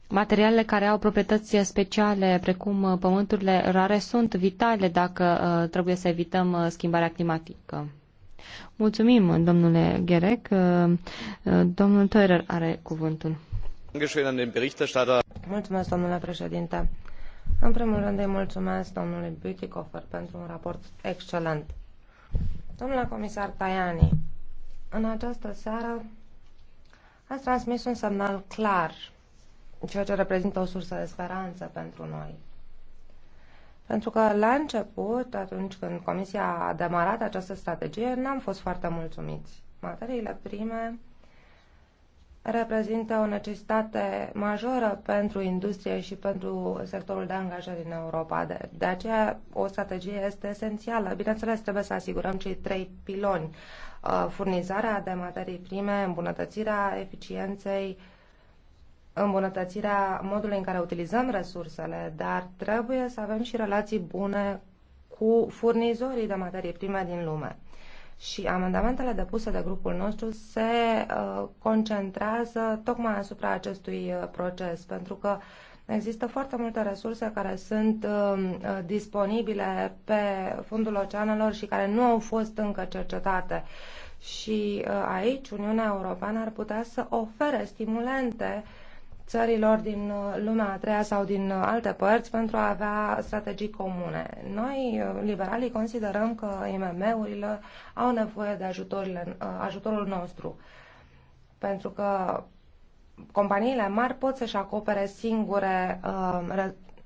Materialele care au proprietăți speciale, precum uh, pământurile rare, sunt vitale dacă uh, trebuie să evităm uh, schimbarea climatică. Mulțumim, domnule Gherec. Domnul Teurer are cuvântul. Mulțumesc, domnule președinte. În primul rând îi mulțumesc domnului Bütikofer pentru un raport excelent. Domnule comisar Tajani, în această seară ați transmis un semnal clar ceea ce reprezintă o sursă de speranță pentru noi. Pentru că la început, atunci când Comisia a demarat această strategie, n-am fost foarte mulțumiți. Materiile prime reprezintă o necesitate majoră pentru industrie și pentru sectorul de angajări din Europa. De, de aceea, o strategie este esențială. Bineînțeles, trebuie să asigurăm cei trei piloni. Uh, furnizarea de materii prime, îmbunătățirea eficienței îmbunătățirea modului în care utilizăm resursele, dar trebuie să avem și relații bune cu furnizorii de materie prime din lume. Și amendamentele depuse de grupul nostru se uh, concentrează tocmai asupra acestui uh, proces, pentru că există foarte multe resurse care sunt uh, disponibile pe fundul oceanelor și care nu au fost încă cercetate. Și uh, aici Uniunea Europeană ar putea să ofere stimulente uh, țărilor din uh, lumea a treia sau din uh, alte părți pentru a avea strategii comune. Noi, uh, liberalii, considerăm că IMM-urile au nevoie de ajutorul nostru, pentru că companiile mari pot să-și acopere singure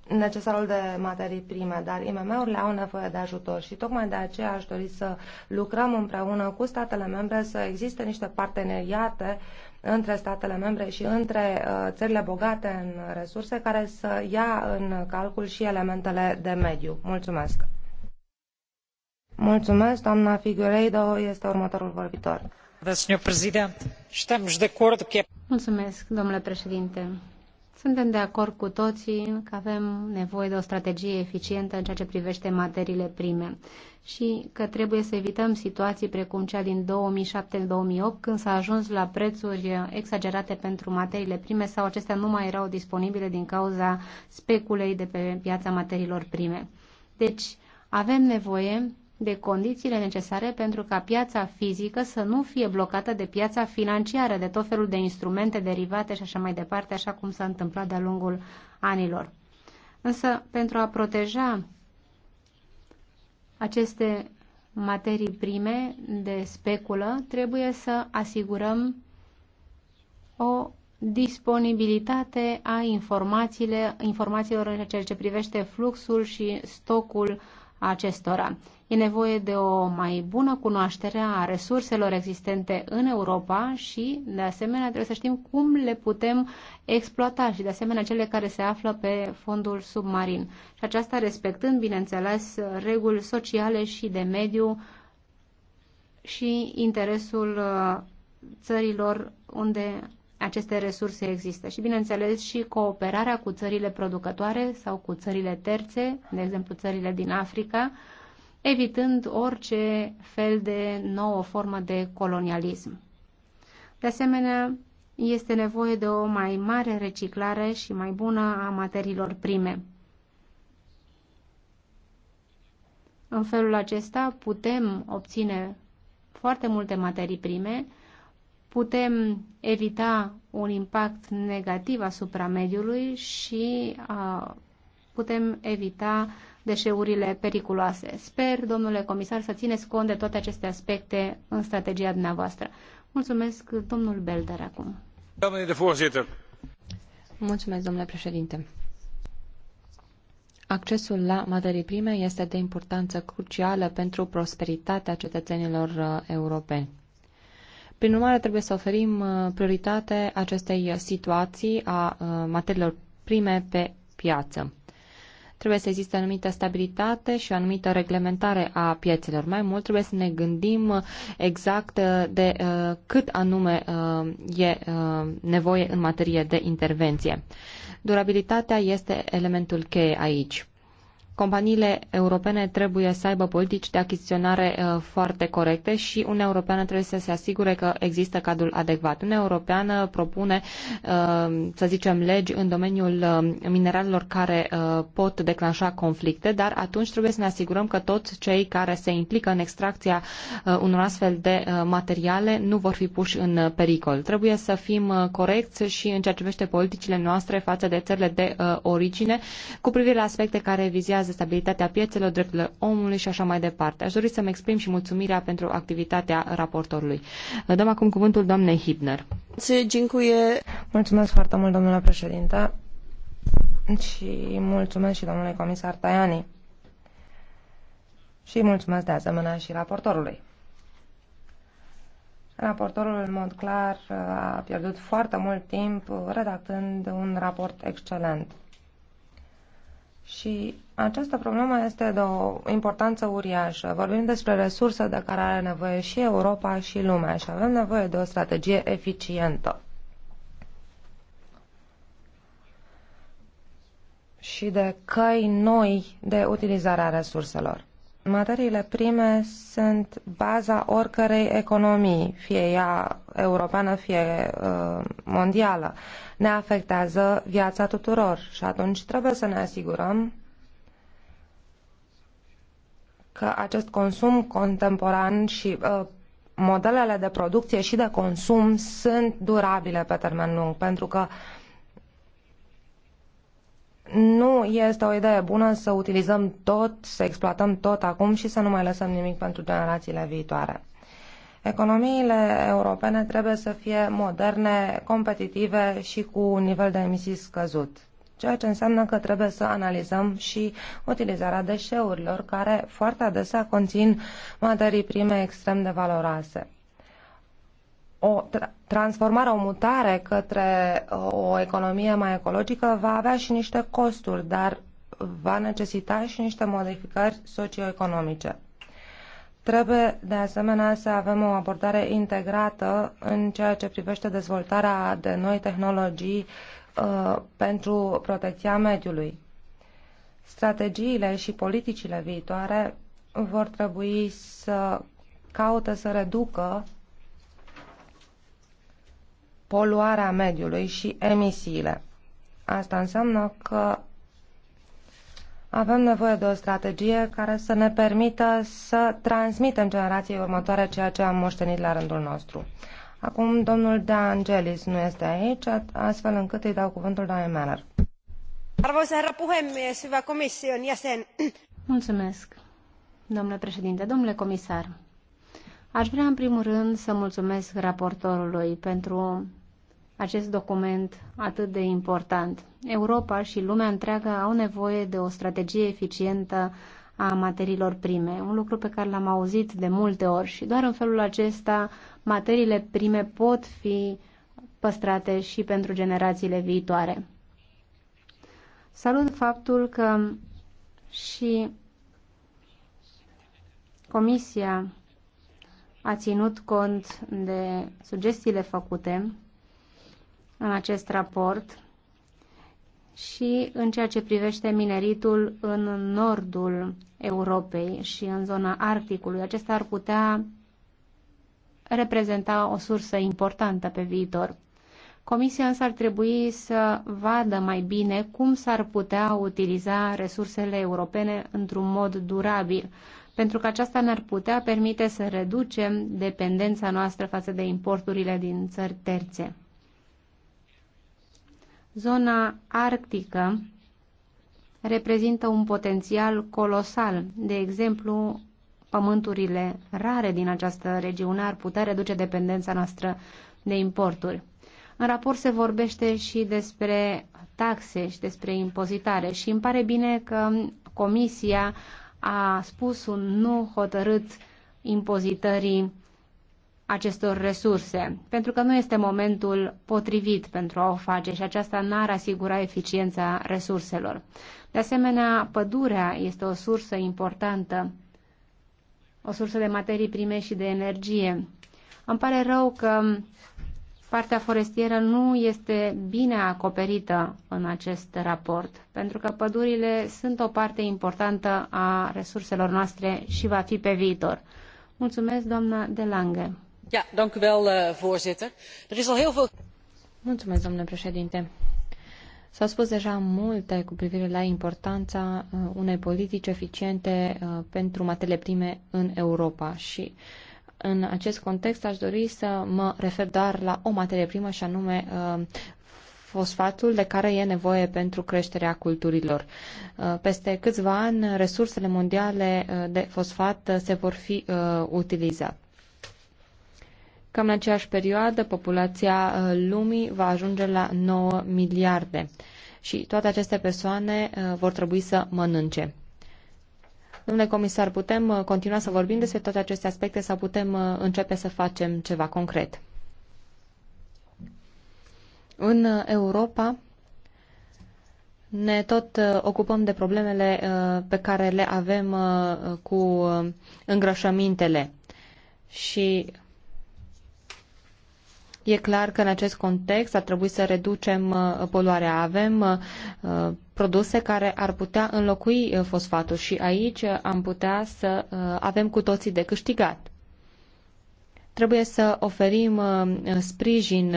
necesarul de materii prime, dar IMM-urile au nevoie de ajutor și tocmai de aceea aș dori să lucrăm împreună cu statele membre, să existe niște parteneriate între statele membre și între uh, țările bogate în resurse care să ia în calcul și elementele de mediu. Mulțumesc! Mulțumesc, doamna Figueiredo este următorul vorbitor. Mulțumesc, domnule președinte suntem de acord cu toții că avem nevoie de o strategie eficientă în ceea ce privește materiile prime și că trebuie să evităm situații precum cea din 2007-2008 când s-a ajuns la prețuri exagerate pentru materiile prime sau acestea nu mai erau disponibile din cauza speculei de pe piața materiilor prime. Deci avem nevoie de condițiile necesare pentru ca piața fizică să nu fie blocată de piața financiară, de tot felul de instrumente derivate și așa mai departe, așa cum s-a întâmplat de-a lungul anilor. Însă, pentru a proteja aceste materii prime de speculă, trebuie să asigurăm o disponibilitate a informațiilor în ceea ce privește fluxul și stocul acestora. E nevoie de o mai bună cunoaștere a resurselor existente în Europa și, de asemenea, trebuie să știm cum le putem exploata și, de asemenea, cele care se află pe fondul submarin. Și aceasta respectând, bineînțeles, reguli sociale și de mediu și interesul uh, țărilor unde aceste resurse există și, bineînțeles, și cooperarea cu țările producătoare sau cu țările terțe, de exemplu țările din Africa, evitând orice fel de nouă formă de colonialism. De asemenea, este nevoie de o mai mare reciclare și mai bună a materiilor prime. În felul acesta putem obține foarte multe materii prime, putem evita un impact negativ asupra mediului și a, uh, putem evita deșeurile periculoase. Sper, domnule comisar, să țineți cont de toate aceste aspecte în strategia dumneavoastră. Mulțumesc, domnul Belder, acum. Mulțumesc, domnule președinte. Accesul la materii prime este de importanță crucială pentru prosperitatea cetățenilor uh, europeni. Prin urmare, trebuie să oferim uh, prioritate acestei situații a uh, materiilor prime pe piață. Trebuie să existe anumită stabilitate și o anumită reglementare a piețelor. Mai mult trebuie să ne gândim uh, exact uh, de uh, cât anume e nevoie în materie de intervenție. Durabilitatea este elementul cheie aici companiile europene trebuie să aibă politici de achiziționare uh, foarte corecte și Uniunea Europeană trebuie să se asigure că există cadrul adecvat. Uniunea Europeană propune, uh, să zicem, legi în domeniul uh, mineralelor care pot declanșa conflicte, dar atunci trebuie să ne asigurăm că toți cei care se implică în extracția unor astfel de materiale nu vor fi puși în pericol. Trebuie să fim corecți și în ceea ce privește politicile noastre față de țările de origine cu privire la aspecte care vizează promovează stabilitatea piețelor, drepturile omului și așa mai departe. Aș dori să-mi exprim și mulțumirea pentru activitatea raportorului. Dăm acum cuvântul doamnei Hibner. Mulțumesc foarte mult, domnule președinte, și mulțumesc și domnului comisar Tajani. Și mulțumesc de asemenea și raportorului. Raportorul, în mod clar, a pierdut foarte mult timp redactând un raport excelent. Și această problemă este de o importanță uriașă. Vorbim despre resurse de care are nevoie și Europa și lumea și avem nevoie de o strategie eficientă. și de căi noi de utilizare a resurselor. Materiile prime sunt baza oricărei economii, fie ea europeană, fie uh, mondială. Ne afectează viața tuturor și atunci trebuie să ne asigurăm că acest consum contemporan și uh, modelele de producție și de consum sunt durabile pe termen lung, pentru că nu este o idee bună să utilizăm tot, să exploatăm tot acum și să nu mai lăsăm nimic pentru generațiile viitoare. Economiile europene trebuie să fie moderne, competitive și cu un nivel de emisii scăzut ceea ce înseamnă că trebuie să analizăm și utilizarea deșeurilor, care foarte adesea conțin materii prime extrem de valoroase o transformare, o mutare către o economie mai ecologică va avea și niște costuri, dar va necesita și niște modificări socioeconomice. Trebuie, de asemenea, să avem o abordare integrată în ceea ce privește dezvoltarea de noi tehnologii Uh, pentru protecția mediului. Strategiile și politicile viitoare vor trebui să caută să reducă poluarea mediului și emisiile. Asta înseamnă că avem nevoie de o strategie care să ne permită să transmitem generației următoare ceea ce am moștenit la rândul nostru. Acum domnul De Angelis nu este aici, astfel încât îi dau cuvântul doamnei Meller. Arvoisa herra puhemies, hyvä komission jäsen. Mulțumesc, domnule președinte, domnule comisar. Aș vrea în primul rând să mulțumesc raportorului pentru acest document atât de important. Europa și lumea întreagă au nevoie de o strategie eficientă a materiilor prime, un lucru pe care l-am auzit de multe ori și doar în felul acesta materiile prime pot fi păstrate și pentru generațiile viitoare. Salut faptul că și Comisia a ținut cont de sugestiile făcute în acest raport și în ceea ce privește mineritul în nordul Europei și în zona Arcticului. Acesta ar putea reprezenta o sursă importantă pe viitor. Comisia însă ar trebui să vadă mai bine cum s-ar putea utiliza resursele europene într-un mod durabil, pentru că aceasta ne-ar putea permite să reducem dependența noastră față de importurile din țări terțe. Zona arctică reprezintă un potențial colosal. De exemplu, pământurile rare din această regiune ar putea reduce dependența noastră de importuri. În raport se vorbește și despre taxe și despre impozitare și îmi pare bine că Comisia a spus un nu hotărât impozitării acestor resurse, pentru că nu este momentul potrivit pentru a o face și aceasta n-ar asigura eficiența resurselor. De asemenea, pădurea este o sursă importantă, o sursă de materii prime și de energie. Îmi pare rău că partea forestieră nu este bine acoperită în acest raport, pentru că pădurile sunt o parte importantă a resurselor noastre și va fi pe viitor. Mulțumesc, doamna Delange. Eh, er s au spus deja multe cu privire la importanța eh, unei politici eficiente eh, pentru materiile prime în Europa și în acest context aș dori să mă refer doar la o materie primă și anume fosfatul de care e nevoie pentru creșterea culturilor. Peste câțiva ani, resursele mondiale de fosfat se vor fi utilizate Cam în aceeași perioadă, populația uh, lumii va ajunge la 9 miliarde și toate aceste persoane uh, vor trebui să mănânce. Domnule comisar, putem uh, continua să vorbim despre toate aceste aspecte sau putem începe să facem ceva concret? În Europa ne tot ocupăm de problemele pe care le avem cu îngrășămintele și E clar că în acest context ar trebui să reducem uh, poluarea. Avem uh, uh, produse care ar putea înlocui fosfatul și aici am putea să avem cu toții de câștigat trebuie să oferim sprijin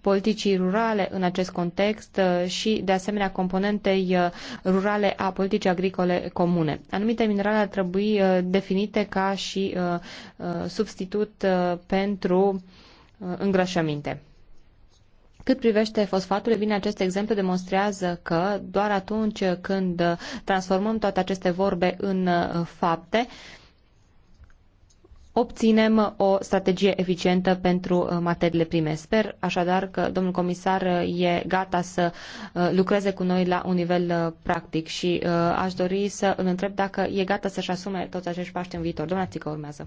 politicii rurale în acest context și, de asemenea, componentei rurale a politicii agricole comune. Anumite minerale ar trebui definite ca și substitut pentru îngrășăminte. Cât privește fosfatul, bine, acest exemplu demonstrează că doar atunci când transformăm toate aceste vorbe în uh, fapte, obținem o strategie eficientă pentru uh, materiile prime. Sper așadar că domnul comisar uh, e gata să lucreze cu noi la un nivel practic și aș dori să îl întreb dacă e gata să-și asume toți acești pași în viitor. Domnul Țică urmează.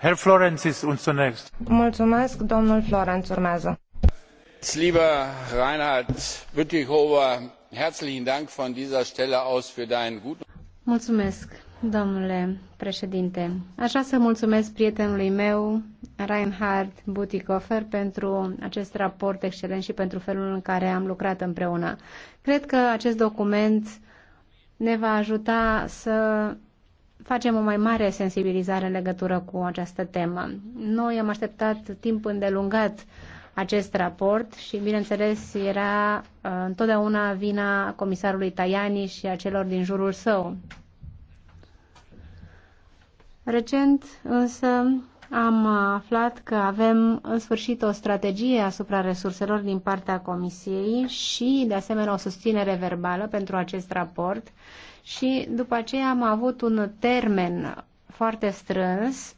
Herr Mulțumesc, domnul Lieber Reinhard Bütikofer, herzlichen Dank von dieser Stelle aus für deinen guten Mulțumesc, domnule președinte. Aș vrea să mulțumesc prietenului meu, Reinhard Butikofer, pentru acest raport excelent și pentru felul în care am lucrat împreună. Cred că acest document ne va ajuta să facem o mai mare sensibilizare în legătură cu această temă. Noi am așteptat timp îndelungat acest raport și, bineînțeles, era uh, întotdeauna vina comisarului Tajani și a celor din jurul său. Recent, însă, am aflat că avem în sfârșit o strategie asupra resurselor din partea Comisiei și, de asemenea, o susținere verbală pentru acest raport și după aceea am avut un termen foarte strâns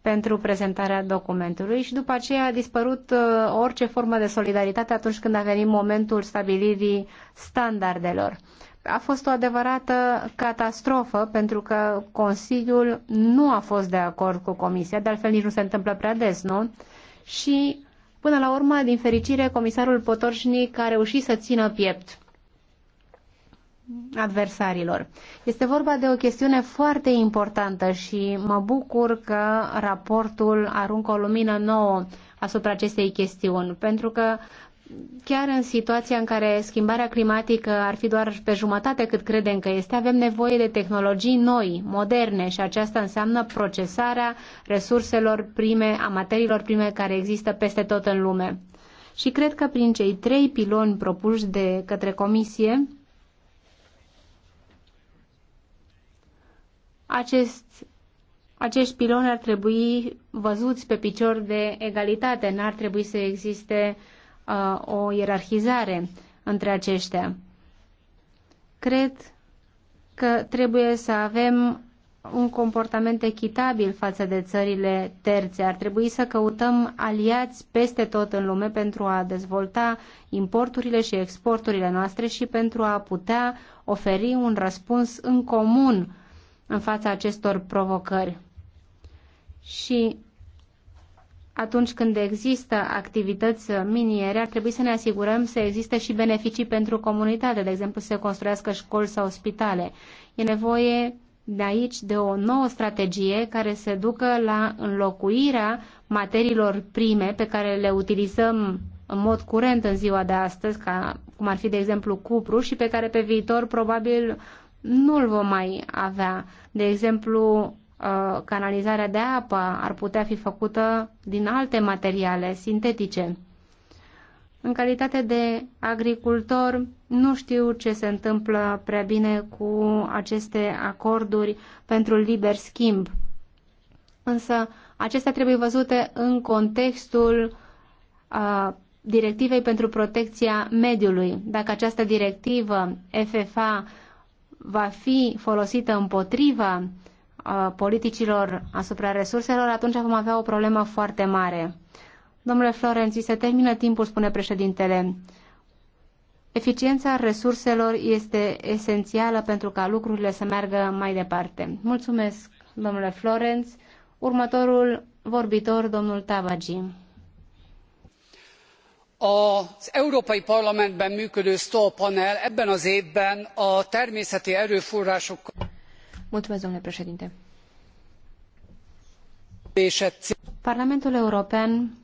pentru prezentarea documentului și după aceea a dispărut uh, orice formă de solidaritate atunci când a venit momentul stabilirii standardelor. A fost o adevărată catastrofă pentru că Consiliul nu a fost de acord cu Comisia, de altfel nici nu se întâmplă prea des, nu? Și până la urmă, din fericire, comisarul Potoșnic a reușit să țină piept adversarilor. Este vorba de o chestiune foarte importantă și mă bucur că raportul aruncă o lumină nouă asupra acestei chestiuni, pentru că chiar în situația în care schimbarea climatică ar fi doar pe jumătate cât credem că este, avem nevoie de tehnologii noi, moderne și aceasta înseamnă procesarea resurselor prime, a materiilor prime care există peste tot în lume. Și cred că prin cei trei piloni propuși de către Comisie, acest, acești piloni ar trebui văzuți pe picior de egalitate, n-ar trebui să existe uh, o ierarhizare între aceștia. Cred că trebuie să avem un comportament echitabil față de țările terțe. Ar trebui să căutăm aliați peste tot în lume pentru a dezvolta importurile și exporturile noastre și pentru a putea oferi un răspuns în comun în fața acestor provocări. Și atunci când există activități miniere, ar trebui să ne asigurăm să existe și beneficii pentru comunitate, de exemplu să se construiască școli sau spitale. E nevoie de aici de o nouă strategie care se ducă la înlocuirea materiilor prime pe care le utilizăm în mod curent în ziua de astăzi, ca, cum ar fi, de exemplu, cupru și pe care pe viitor probabil nu-l vom mai avea. De exemplu, uh, canalizarea de apă ar putea fi făcută din alte materiale sintetice. În calitate de agricultor, nu știu ce se întâmplă prea bine cu aceste acorduri pentru liber schimb. Însă, acestea trebuie văzute în contextul uh, directivei pentru protecția mediului. Dacă această directivă FFA va fi folosită împotriva uh, politicilor asupra resurselor, atunci vom avea o problemă foarte mare. Domnule Florenzi, se termină timpul, spune președintele. Eficiența resurselor este esențială pentru ca lucrurile să meargă mai departe. Mulțumesc, domnule Florenz. Următorul vorbitor, domnul Tabagi az európai parlamentben működő stoa panel ebben az évben a természeti erőforrásokkal parlamentul european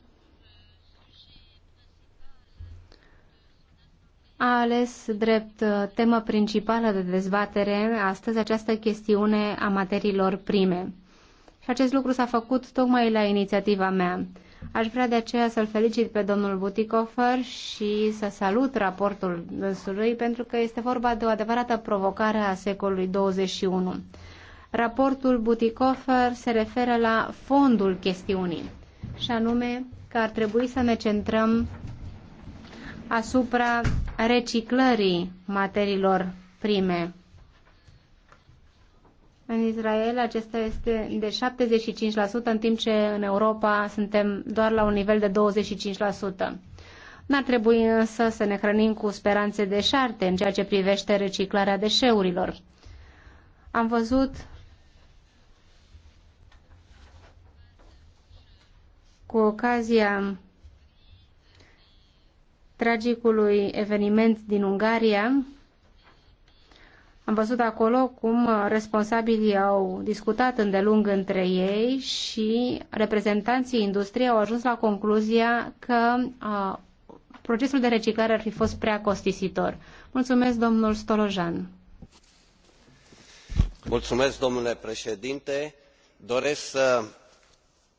a ales drept uh, temă principală de dezbatere astăzi această chestiune a materiilor prime. Și acest lucru s-a făcut tocmai la inițiativa mea. Aș vrea de aceea să-l felicit pe domnul Butikofer și să salut raportul dânsului pentru că este vorba de o adevărată provocare a secolului 21. Raportul Butikofer se referă la fondul chestiunii și anume că ar trebui să ne centrăm asupra reciclării materiilor prime în Israel acesta este de 75%, în timp ce în Europa suntem doar la un nivel de 25%. N-ar trebui însă să ne hrănim cu speranțe de șarte în ceea ce privește reciclarea deșeurilor. Am văzut cu ocazia tragicului eveniment din Ungaria am văzut acolo cum responsabilii au discutat îndelung între ei și reprezentanții industriei au ajuns la concluzia că a, procesul de reciclare ar fi fost prea costisitor. Mulțumesc, domnul Stolojan. Mulțumesc, domnule președinte. Doresc să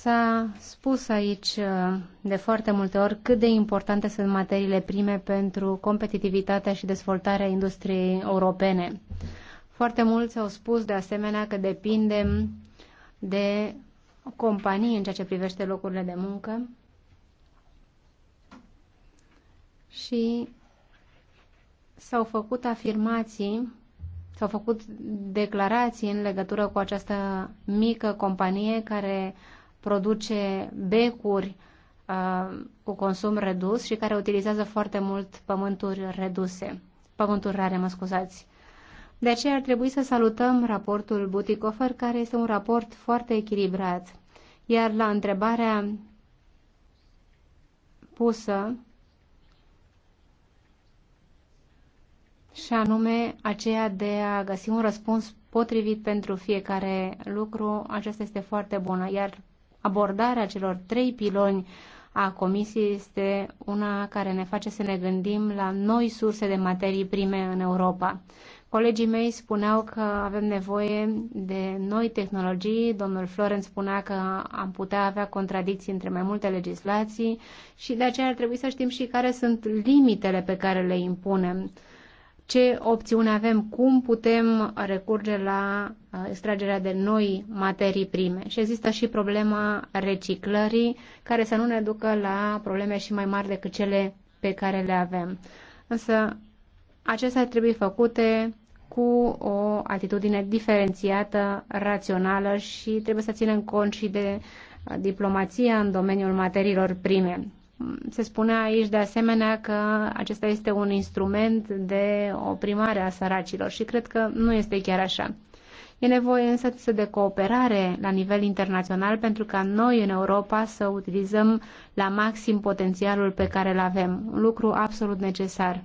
S-a spus aici uh, de foarte multe ori cât de importante sunt materiile prime pentru competitivitatea și dezvoltarea industriei europene. Foarte mulți au spus de asemenea că depindem de companii în ceea ce privește locurile de muncă și s-au făcut afirmații, s-au făcut declarații în legătură cu această mică companie care produce becuri uh, cu consum redus și care utilizează foarte mult pământuri reduse, pământuri rare, mă scuzați. De aceea ar trebui să salutăm raportul Buticofer, care este un raport foarte echilibrat. Iar la întrebarea pusă, și anume aceea de a găsi un răspuns potrivit pentru fiecare lucru, aceasta este foarte bună, iar abordarea celor trei piloni a Comisiei este una care ne face să ne gândim la noi surse de materii prime în Europa. Colegii mei spuneau că avem nevoie de noi tehnologii, domnul Florent spunea că am putea avea contradicții între mai multe legislații și de aceea ar trebui să știm și care sunt limitele pe care le impunem ce opțiuni avem, cum putem recurge la uh, extragerea de noi materii prime. Și există și problema reciclării, care să nu ne ducă la probleme și mai mari decât cele pe care le avem. Însă acestea trebuie făcute cu o atitudine diferențiată, rațională și trebuie să ținem cont și de uh, diplomația în domeniul materiilor prime. Se spune aici de asemenea că acesta este un instrument de oprimare a săracilor și cred că nu este chiar așa. E nevoie însă de cooperare la nivel internațional pentru ca noi în Europa să utilizăm la maxim potențialul pe care îl avem, un lucru absolut necesar.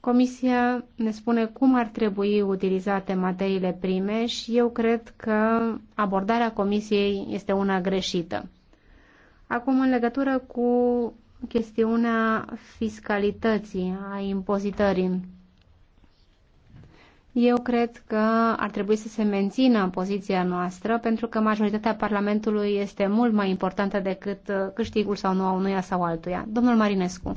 Comisia ne spune cum ar trebui utilizate materiile prime și eu cred că abordarea Comisiei este una greșită. Acum, în legătură cu chestiunea fiscalității, a impozitării, eu cred că ar trebui să se mențină poziția noastră, pentru că majoritatea Parlamentului este mult mai importantă decât uh, câștigul sau nu a unuia sau altuia. Domnul Marinescu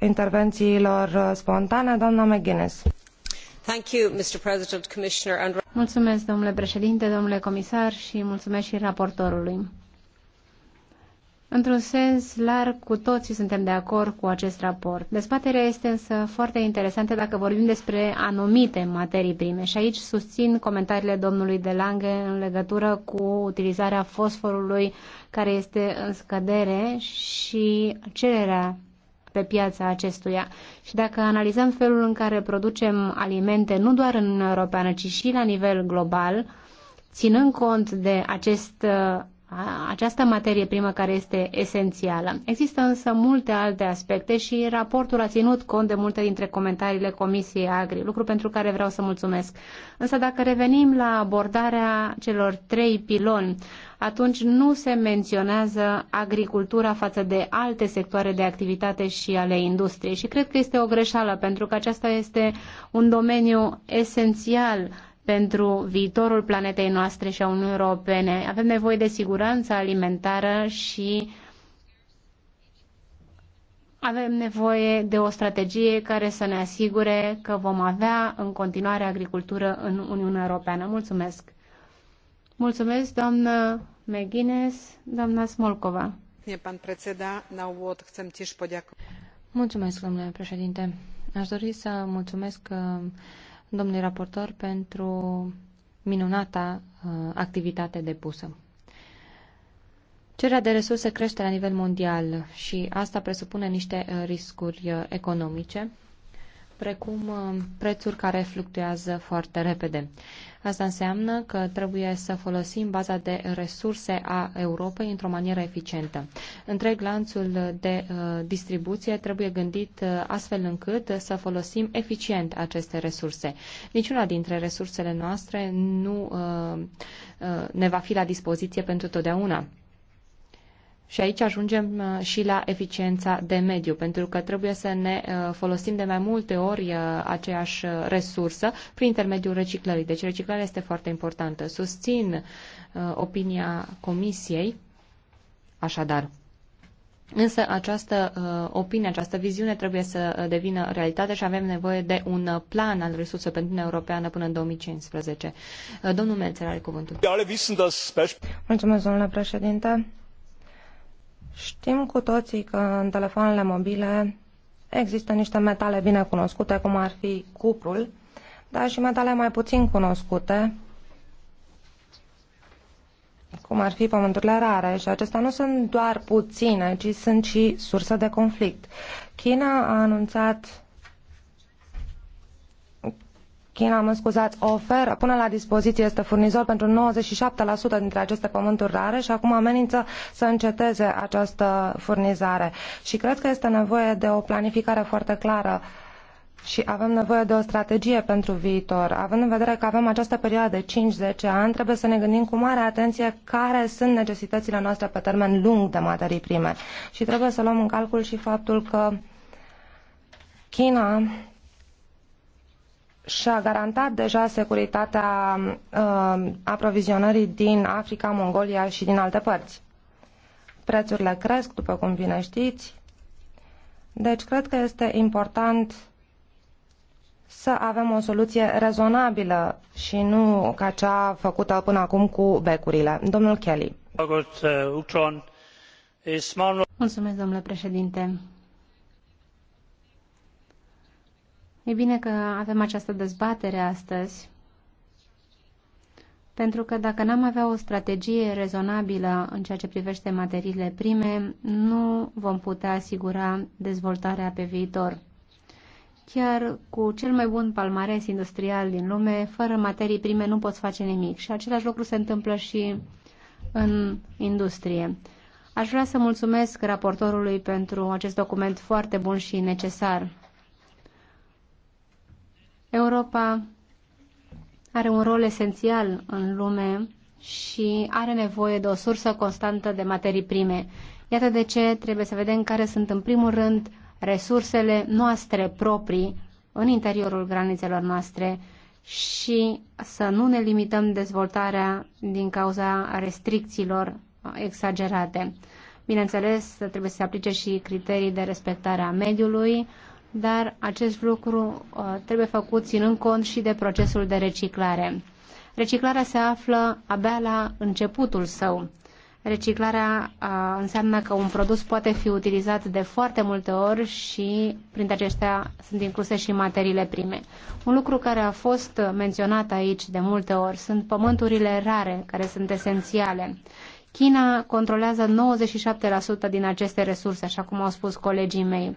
intervențiilor uh, spontane. Doamna McGuinness. Mulțumesc, domnule președinte, domnule comisar și mulțumesc și raportorului. Într-un sens larg, cu toții suntem de acord cu acest raport. Dezbaterea este însă foarte interesantă dacă vorbim despre anumite materii prime și aici susțin comentariile domnului De Lange în legătură cu utilizarea fosforului care este în scădere și cererea pe piața acestuia. Și dacă analizăm felul în care producem alimente nu doar în Europeană, ci și la nivel global, ținând cont de acest această materie primă care este esențială. Există însă multe alte aspecte și raportul a ținut cont de multe dintre comentariile Comisiei Agri, lucru pentru care vreau să mulțumesc. Însă dacă revenim la abordarea celor trei piloni, atunci nu se menționează agricultura față de alte sectoare de activitate și ale industriei. Și cred că este o greșeală, pentru că aceasta este un domeniu esențial pentru viitorul planetei noastre și a Uniunii Europene. Avem nevoie de siguranță alimentară și avem nevoie de o strategie care să ne asigure că vom avea în continuare agricultură în Uniunea Europeană. Mulțumesc! Mulțumesc, doamnă McGuinness, doamna Smolkova. Mulțumesc, domnule președinte. Aș dori să mulțumesc uh, domnului raportor pentru minunata uh, activitate depusă. Cererea de resurse crește la nivel mondial și asta presupune niște uh, riscuri uh, economice precum uh, prețuri care fluctuează foarte repede. Asta înseamnă că trebuie să folosim baza de resurse a Europei într-o manieră eficientă. Întreg lanțul de uh, distribuție trebuie gândit uh, astfel încât să folosim eficient aceste resurse. Niciuna dintre resursele noastre nu ne va fi la dispoziție pentru totdeauna. Și aici ajungem uh, și la eficiența de mediu, pentru că trebuie să ne uh, folosim de mai multe ori uh, aceeași resursă prin intermediul reciclării. Deci reciclarea este foarte importantă. Susțin opinia Comisiei, așadar. Însă această opinie, această viziune trebuie să devină realitate și avem nevoie de un plan al resurselor pentru Uniunea Europeană până în 2015. domnul Melțer are cuvântul. Mulțumesc, domnule președinte. Știm cu toții că în telefoanele mobile există niște metale bine cunoscute, cum ar fi cuprul, dar și metale mai puțin cunoscute, cum ar fi pământurile rare și acestea nu sunt doar puține, ci sunt și sursă de conflict. China a anunțat China, mă scuzați, oferă, pune la dispoziție, este furnizor pentru 97% dintre aceste pământuri rare și acum amenință să înceteze această furnizare. Și cred că este nevoie de o planificare foarte clară și avem nevoie de o strategie pentru viitor. Având în vedere că avem această perioadă de 5-10 ani, trebuie să ne gândim cu mare atenție care sunt necesitățile noastre pe termen lung de materii prime. Și trebuie să luăm în calcul și faptul că China și-a garantat deja securitatea uh, aprovizionării din Africa, Mongolia și din alte părți. Prețurile cresc, după cum bine știți, deci cred că este important să avem o soluție rezonabilă și nu ca cea făcută până acum cu becurile. Domnul Kelly. Uh, Mulțumesc, domnule președinte E bine că avem această dezbatere astăzi, pentru că dacă n-am avea o strategie rezonabilă în ceea ce privește materiile prime, nu vom putea asigura dezvoltarea pe viitor. Chiar cu cel mai bun palmares industrial din lume, fără materii prime nu poți face nimic și același lucru se întâmplă și în industrie. Aș vrea să mulțumesc raportorului pentru acest document foarte bun și necesar. Europa are un rol esențial în lume și are nevoie de o sursă constantă de materii prime. Iată de ce trebuie să vedem care sunt în primul rând resursele noastre proprii în interiorul granițelor noastre și să nu ne limităm dezvoltarea din cauza restricțiilor exagerate. Bineînțeles, trebuie să se aplice și criterii de respectare a mediului, dar acest lucru uh, trebuie făcut ținând cont și de procesul de reciclare. Reciclarea se află abia la începutul său. Reciclarea a, uh, înseamnă că un produs poate fi utilizat de foarte multe ori și printre acestea sunt incluse și materiile prime. Un lucru care a fost menționat aici de multe ori sunt pământurile rare, care sunt esențiale. China controlează 97% din aceste resurse, așa cum au spus colegii mei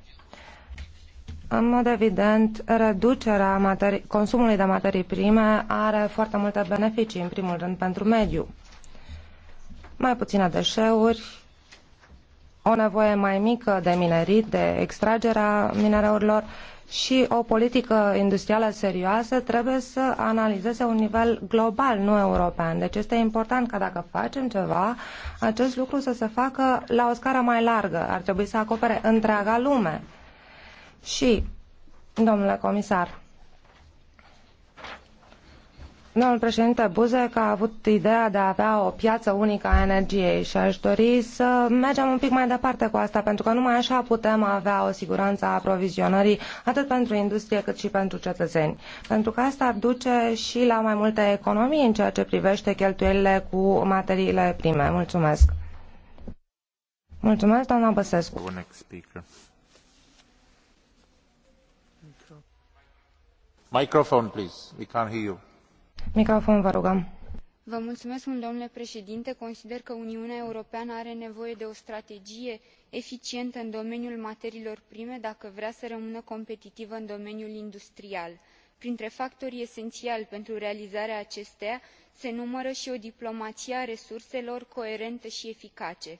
în mod evident, reducerea consumului de materii prime are foarte multe beneficii, în primul rând pentru mediu. Mai puține deșeuri, o nevoie mai mică de minerit, de extragerea minereurilor și o politică industrială serioasă trebuie să analizeze un nivel global, nu european. Deci este important ca dacă facem ceva, acest lucru să se facă la o scară mai largă. Ar trebui să acopere întreaga lume și, domnule comisar, Domnul președinte Buzek a avut ideea de a avea o piață unică a energiei și aș dori să mergem un pic mai departe cu asta, pentru că numai așa putem avea o siguranță a aprovizionării atât pentru industrie cât și pentru cetățeni. Pentru că asta ar duce și la mai multe economii în ceea ce privește cheltuielile cu materiile prime. Mulțumesc! Mulțumesc, doamna Băsescu! Microfon, vă Vă mulțumesc, domnule președinte. Consider că Uniunea Europeană are nevoie de o strategie eficientă în domeniul materiilor prime dacă vrea să rămână competitivă în domeniul industrial printre factorii eseniali pentru realizarea acesteia se numără i o diplomaie a resurselor coerentă i eficace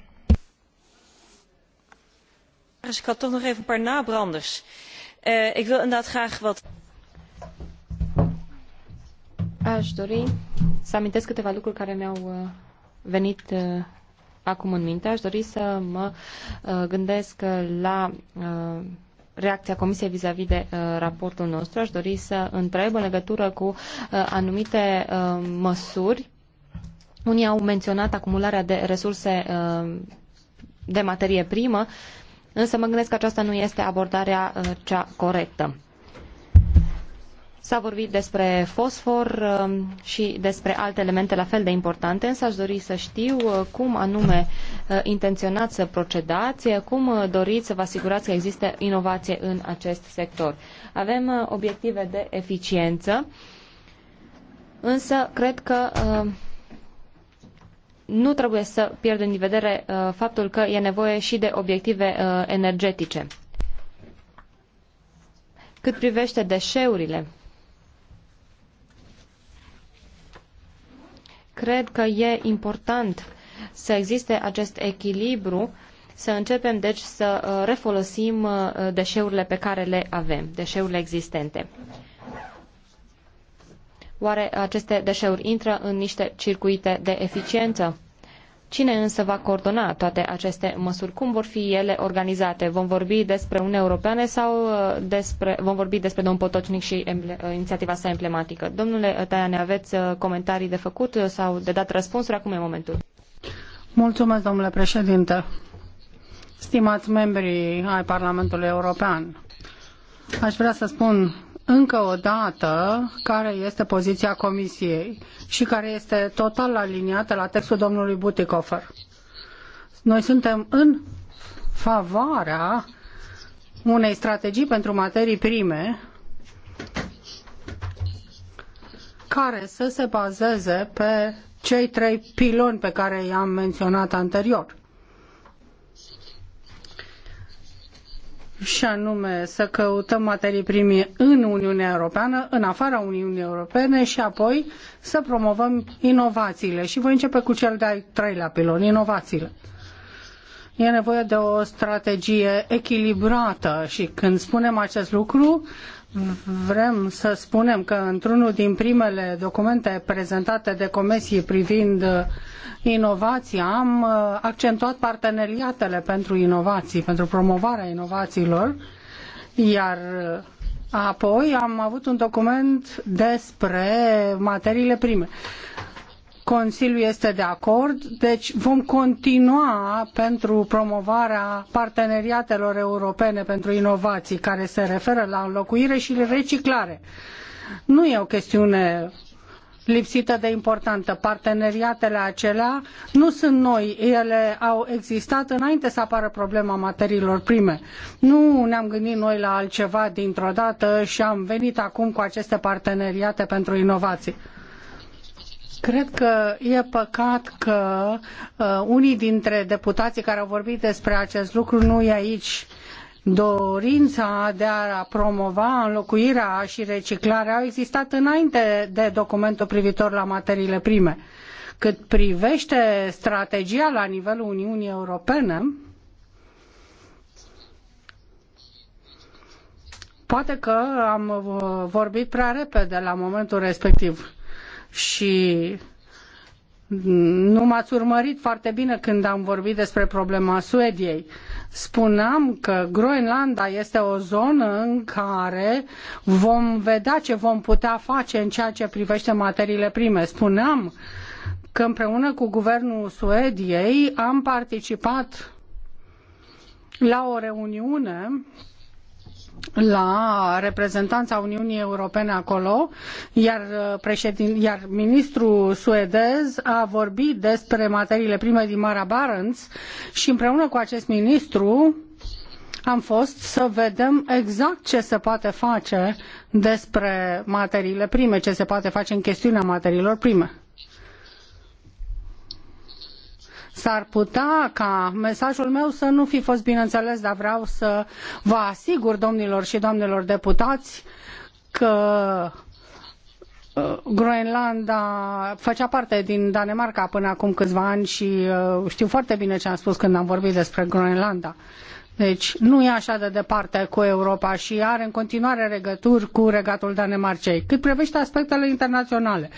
commissaris ik had toch nog even een paar nabranders. Eh, ik wil inderdaad graag wat. Aș dori să amintesc câteva lucruri care mi-au eh, venit eh, acum în minte. Aș dori să mă gândesc la reacția Comisiei vis-a-vis de raportul nostru. Aș dori să întreb în legătură cu anumite măsuri. Unii au menționat acumularea de resurse de materie primă. Însă mă gândesc că aceasta nu este abordarea uh, cea corectă. S-a vorbit despre fosfor um, și despre alte elemente la fel de importante, însă aș dori să știu uh, cum anume uh, intenționați să procedați, cum doriți să vă asigurați că există inovație în acest sector. Avem obiective de eficiență, însă cred că nu trebuie să pierdem din vedere uh, faptul că e nevoie și de obiective uh, energetice. Cât privește deșeurile, cred că e important să existe acest echilibru, să începem deci să uh, refolosim deșeurile pe care le avem, deșeurile existente. Oare aceste deșeuri intră în niște circuite de eficiență? Cine însă va coordona toate aceste măsuri? Cum vor fi ele organizate? Vom vorbi despre Uniunea Europeană sau uh, despre, vom vorbi despre domnul Potocnic și uh, inițiativa sa emblematică? Domnule ne aveți uh, comentarii de făcut sau de dat răspunsuri? Acum e momentul. Mulțumesc, domnule președinte. Stimați membri ai Parlamentului European, aș vrea să spun încă o dată care este poziția Comisiei și care este total aliniată la textul domnului Butikofer. Noi suntem în favoarea unei strategii pentru materii prime care să se bazeze pe cei trei piloni pe care i-am menționat anterior. și anume să căutăm materii prime în Uniunea Europeană, în afara Uniunii Europene și apoi să promovăm inovațiile. Și voi începe cu cel de-al treilea pilon, inovațiile. E nevoie de o strategie echilibrată și când spunem acest lucru, Vrem să spunem că într-unul din primele documente prezentate de comisie privind uh, inovația am uh, accentuat parteneriatele pentru inovații, pentru promovarea inovațiilor, iar uh, apoi am avut un document despre materiile prime. Consiliul este de acord, deci vom continua pentru promovarea parteneriatelor europene pentru inovații care se referă la înlocuire și reciclare. Nu e o chestiune lipsită de importantă. Parteneriatele acelea nu sunt noi, ele au existat înainte să apară problema materiilor prime. Nu ne-am gândit noi la altceva dintr-o dată și am venit acum cu aceste parteneriate pentru inovații. Cred că e păcat că uh, unii dintre deputații care au vorbit despre acest lucru nu e aici dorința de a promova înlocuirea și reciclarea au existat înainte de documentul privitor la materiile prime. Cât privește strategia la nivelul Uniunii Europene, poate că am uh, vorbit prea repede la momentul respectiv și nu m-ați urmărit foarte bine când am vorbit despre problema Suediei. Spuneam că Groenlanda este o zonă în care vom vedea ce vom putea face în ceea ce privește materiile prime. Spuneam că împreună cu guvernul Suediei am participat la o reuniune la reprezentanța Uniunii Europene acolo, iar, uh, președin, iar ministrul suedez a vorbit despre materiile prime din Marea Barents și împreună cu acest ministru am fost să vedem exact ce se poate face despre materiile prime, ce se poate face în chestiunea materiilor prime. S-ar putea ca mesajul meu să nu fi fost bine înțeles, dar vreau să vă asigur, domnilor și doamnelor deputați, că uh, Groenlanda făcea parte din Danemarca până acum câțiva ani și uh, știu foarte bine ce am spus când am vorbit despre Groenlanda. Uh, deci nu e așa de departe cu Europa și are în continuare legături cu regatul Danemarcei. Cât privește aspectele internaționale,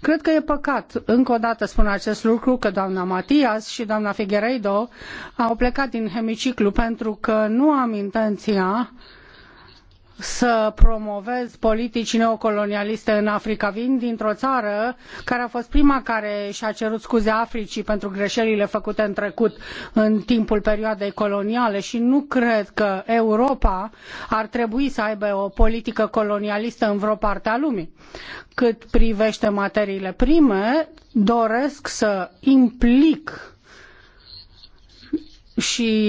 cred că e păcat, încă o dată spun acest lucru, că doamna Matias și doamna Figueiredo au plecat din hemiciclu pentru că nu am intenția uh, să promovez politici neocolonialiste în Africa. Vin dintr-o țară care a fost prima care și-a cerut scuze Africii pentru greșelile făcute în trecut în timpul perioadei coloniale și nu cred că Europa ar trebui să aibă o politică colonialistă în vreo parte a lumii. Cât privește materiile prime, doresc să implic și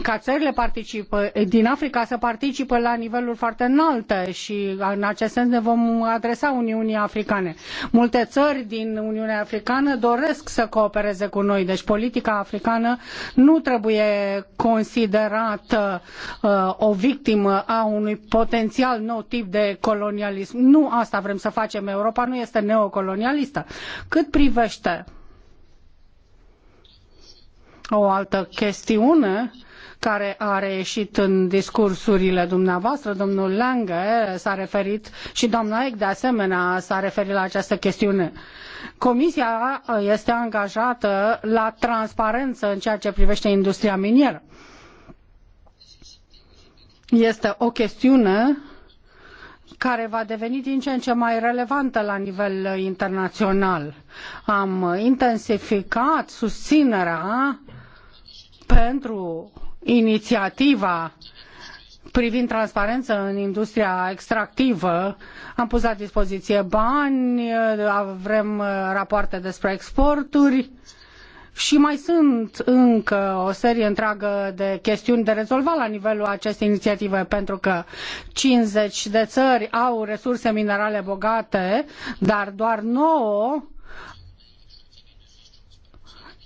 ca țările participă, din Africa să participe la niveluri foarte înalte și în acest sens ne vom adresa Uniunii Africane. Multe țări din Uniunea Africană doresc să coopereze cu noi, deci politica africană nu trebuie considerată uh, o victimă a unui potențial nou tip de colonialism. Nu asta vrem să facem. Europa nu este neocolonialistă. Cât privește o altă chestiune care a reieșit în discursurile dumneavoastră. Domnul Lange s-a referit și doamna Eck de asemenea s-a referit la această chestiune. Comisia este angajată la transparență în ceea ce privește industria minieră. Este o chestiune care va deveni din ce în ce mai relevantă la nivel internațional. Am intensificat susținerea pentru inițiativa privind transparență în industria extractivă. Am pus la dispoziție bani, avem rapoarte despre exporturi și mai sunt încă o serie întreagă de chestiuni de rezolvat la nivelul acestei inițiative, pentru că 50 de țări au resurse minerale bogate, dar doar 9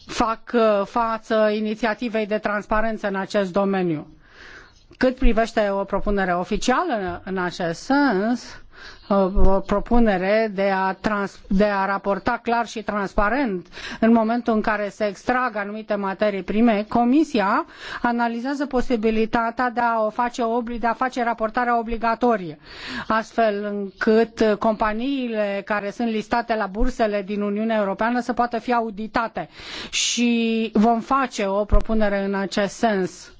fac uh, faă inițiativei de transparență în acest domeniu. Cât privete o propunere oficială în acest sens, Uh, propunere de a, trans, de a raporta clar și transparent în momentul în care se extrag anumite materii prime, Comisia analizează posibilitatea de a, o face, de a face raportarea obligatorie, astfel încât companiile care sunt listate la bursele din Uniunea Europeană să poată fi auditate și vom face o propunere în acest sens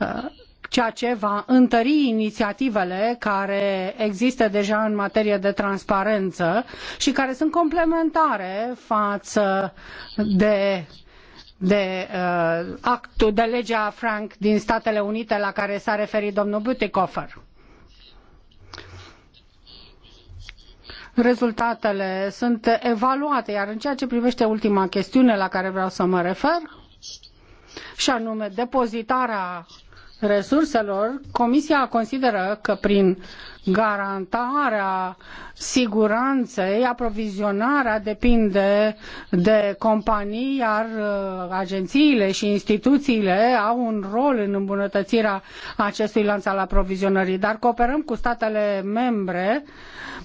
uh, ceea ce va întări inițiativele care există deja în materie de transparență și care sunt complementare față de de uh, actul de legea Frank din Statele Unite la care s-a referit domnul Butikofer. Rezultatele sunt evaluate, iar în ceea ce privește ultima chestiune la care vreau să mă refer, și anume depozitarea resurselor, Comisia consideră că prin garantarea siguranței, aprovizionarea depinde de companii, iar uh, agențiile și instituțiile au un rol în îmbunătățirea acestui lanț al aprovizionării. Dar cooperăm cu statele membre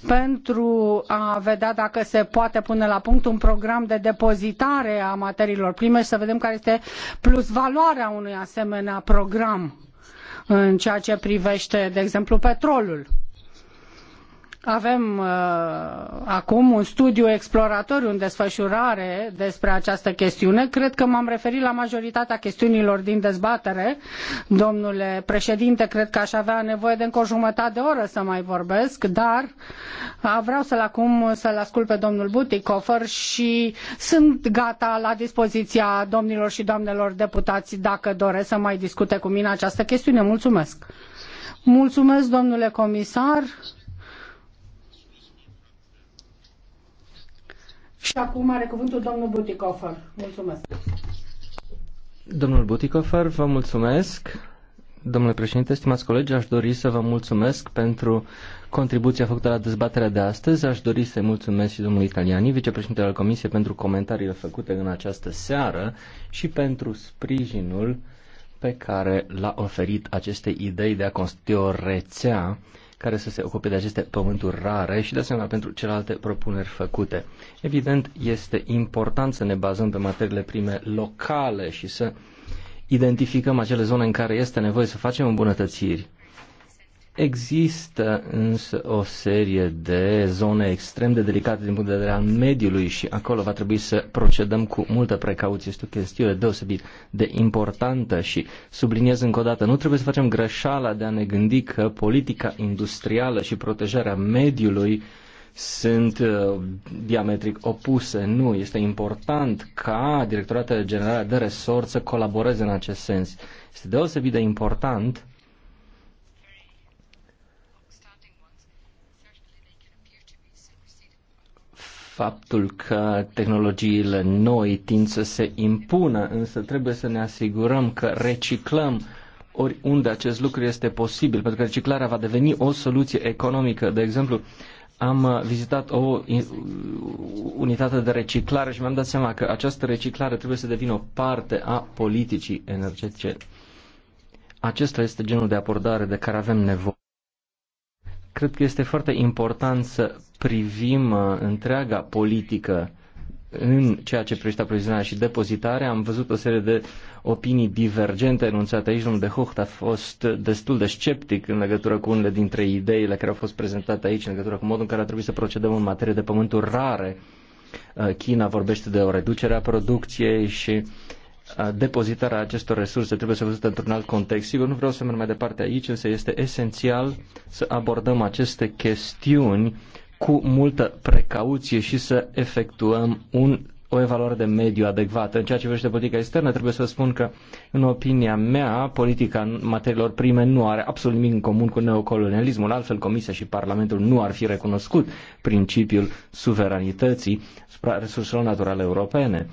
pentru a vedea dacă se poate pune la punct un program de depozitare a materiilor prime și să vedem care este plusvaloarea unui asemenea program în ceea ce privește, de exemplu, petrolul avem uh, acum un studiu exploratoriu în desfășurare despre această chestiune. Cred că m-am referit la majoritatea chestiunilor din dezbatere. Domnule președinte, cred că aș avea nevoie de încă o jumătate de oră să mai vorbesc, dar uh, vreau să-l acum să-l ascult pe domnul Buticofer și sunt gata la dispoziția domnilor și doamnelor deputați dacă doresc să mai discute cu mine această chestiune. Mulțumesc! Mulțumesc, domnule comisar! Și acum are cuvântul domnul Buticofer. Mulțumesc. Domnul Buticofer, vă mulțumesc. Domnule președinte, stimați colegi, aș dori să vă mulțumesc pentru contribuția făcută la dezbaterea de astăzi. Aș dori să-i mulțumesc și domnului Italiani, vicepreședintele al Comisiei, pentru comentariile făcute în această seară și pentru sprijinul pe care l-a oferit acestei idei de a constitui o rețea care să se ocupe de aceste pământuri rare și de asemenea pentru celelalte propuneri făcute. Evident, este important să ne bazăm pe materiile prime locale și să identificăm acele zone în care este nevoie să facem îmbunătățiri Există însă o serie de zone extrem de delicate din punct de vedere al mediului și acolo va trebui să procedăm cu multă precauție. Este o chestiune deosebit de importantă și subliniez încă o dată, nu trebuie să facem greșeala de a ne gândi că politica industrială și protejarea mediului sunt uh, diametric opuse. Nu, este important ca directoratele generale de resort să colaboreze în acest sens. Este deosebit de important faptul că tehnologiile noi tind să se impună, însă trebuie să ne asigurăm că reciclăm oriunde acest lucru este posibil, pentru că reciclarea va deveni o soluție economică. De exemplu, am vizitat o unitate de reciclare și mi-am dat seama că această reciclare trebuie să devină o parte a politicii energetice. Acesta este genul de abordare de care avem nevoie. Cred că este foarte important să privim uh, întreaga politică în ceea ce privește aprovizionarea și depozitarea, am văzut o serie de opinii divergente enunțate aici. Domnul de Hocht a fost destul de sceptic în legătură cu unele dintre ideile care au fost prezentate aici, în legătură cu modul în care ar trebui să procedăm în materie de pământuri rare. Uh, China vorbește de o reducere a producției și uh, depozitarea acestor resurse trebuie să văzută într-un alt context. Sigur, nu vreau să merg mai departe aici, însă este esențial să abordăm aceste chestiuni cu multă precauție și să efectuăm un, o evaluare de mediu adecvată. În ceea ce privește politica externă, trebuie să spun că, în opinia mea, politica materiilor prime nu are absolut nimic în comun cu neocolonialismul. Altfel, Comisia și Parlamentul nu ar fi recunoscut principiul suveranității supra resurselor naturale europene.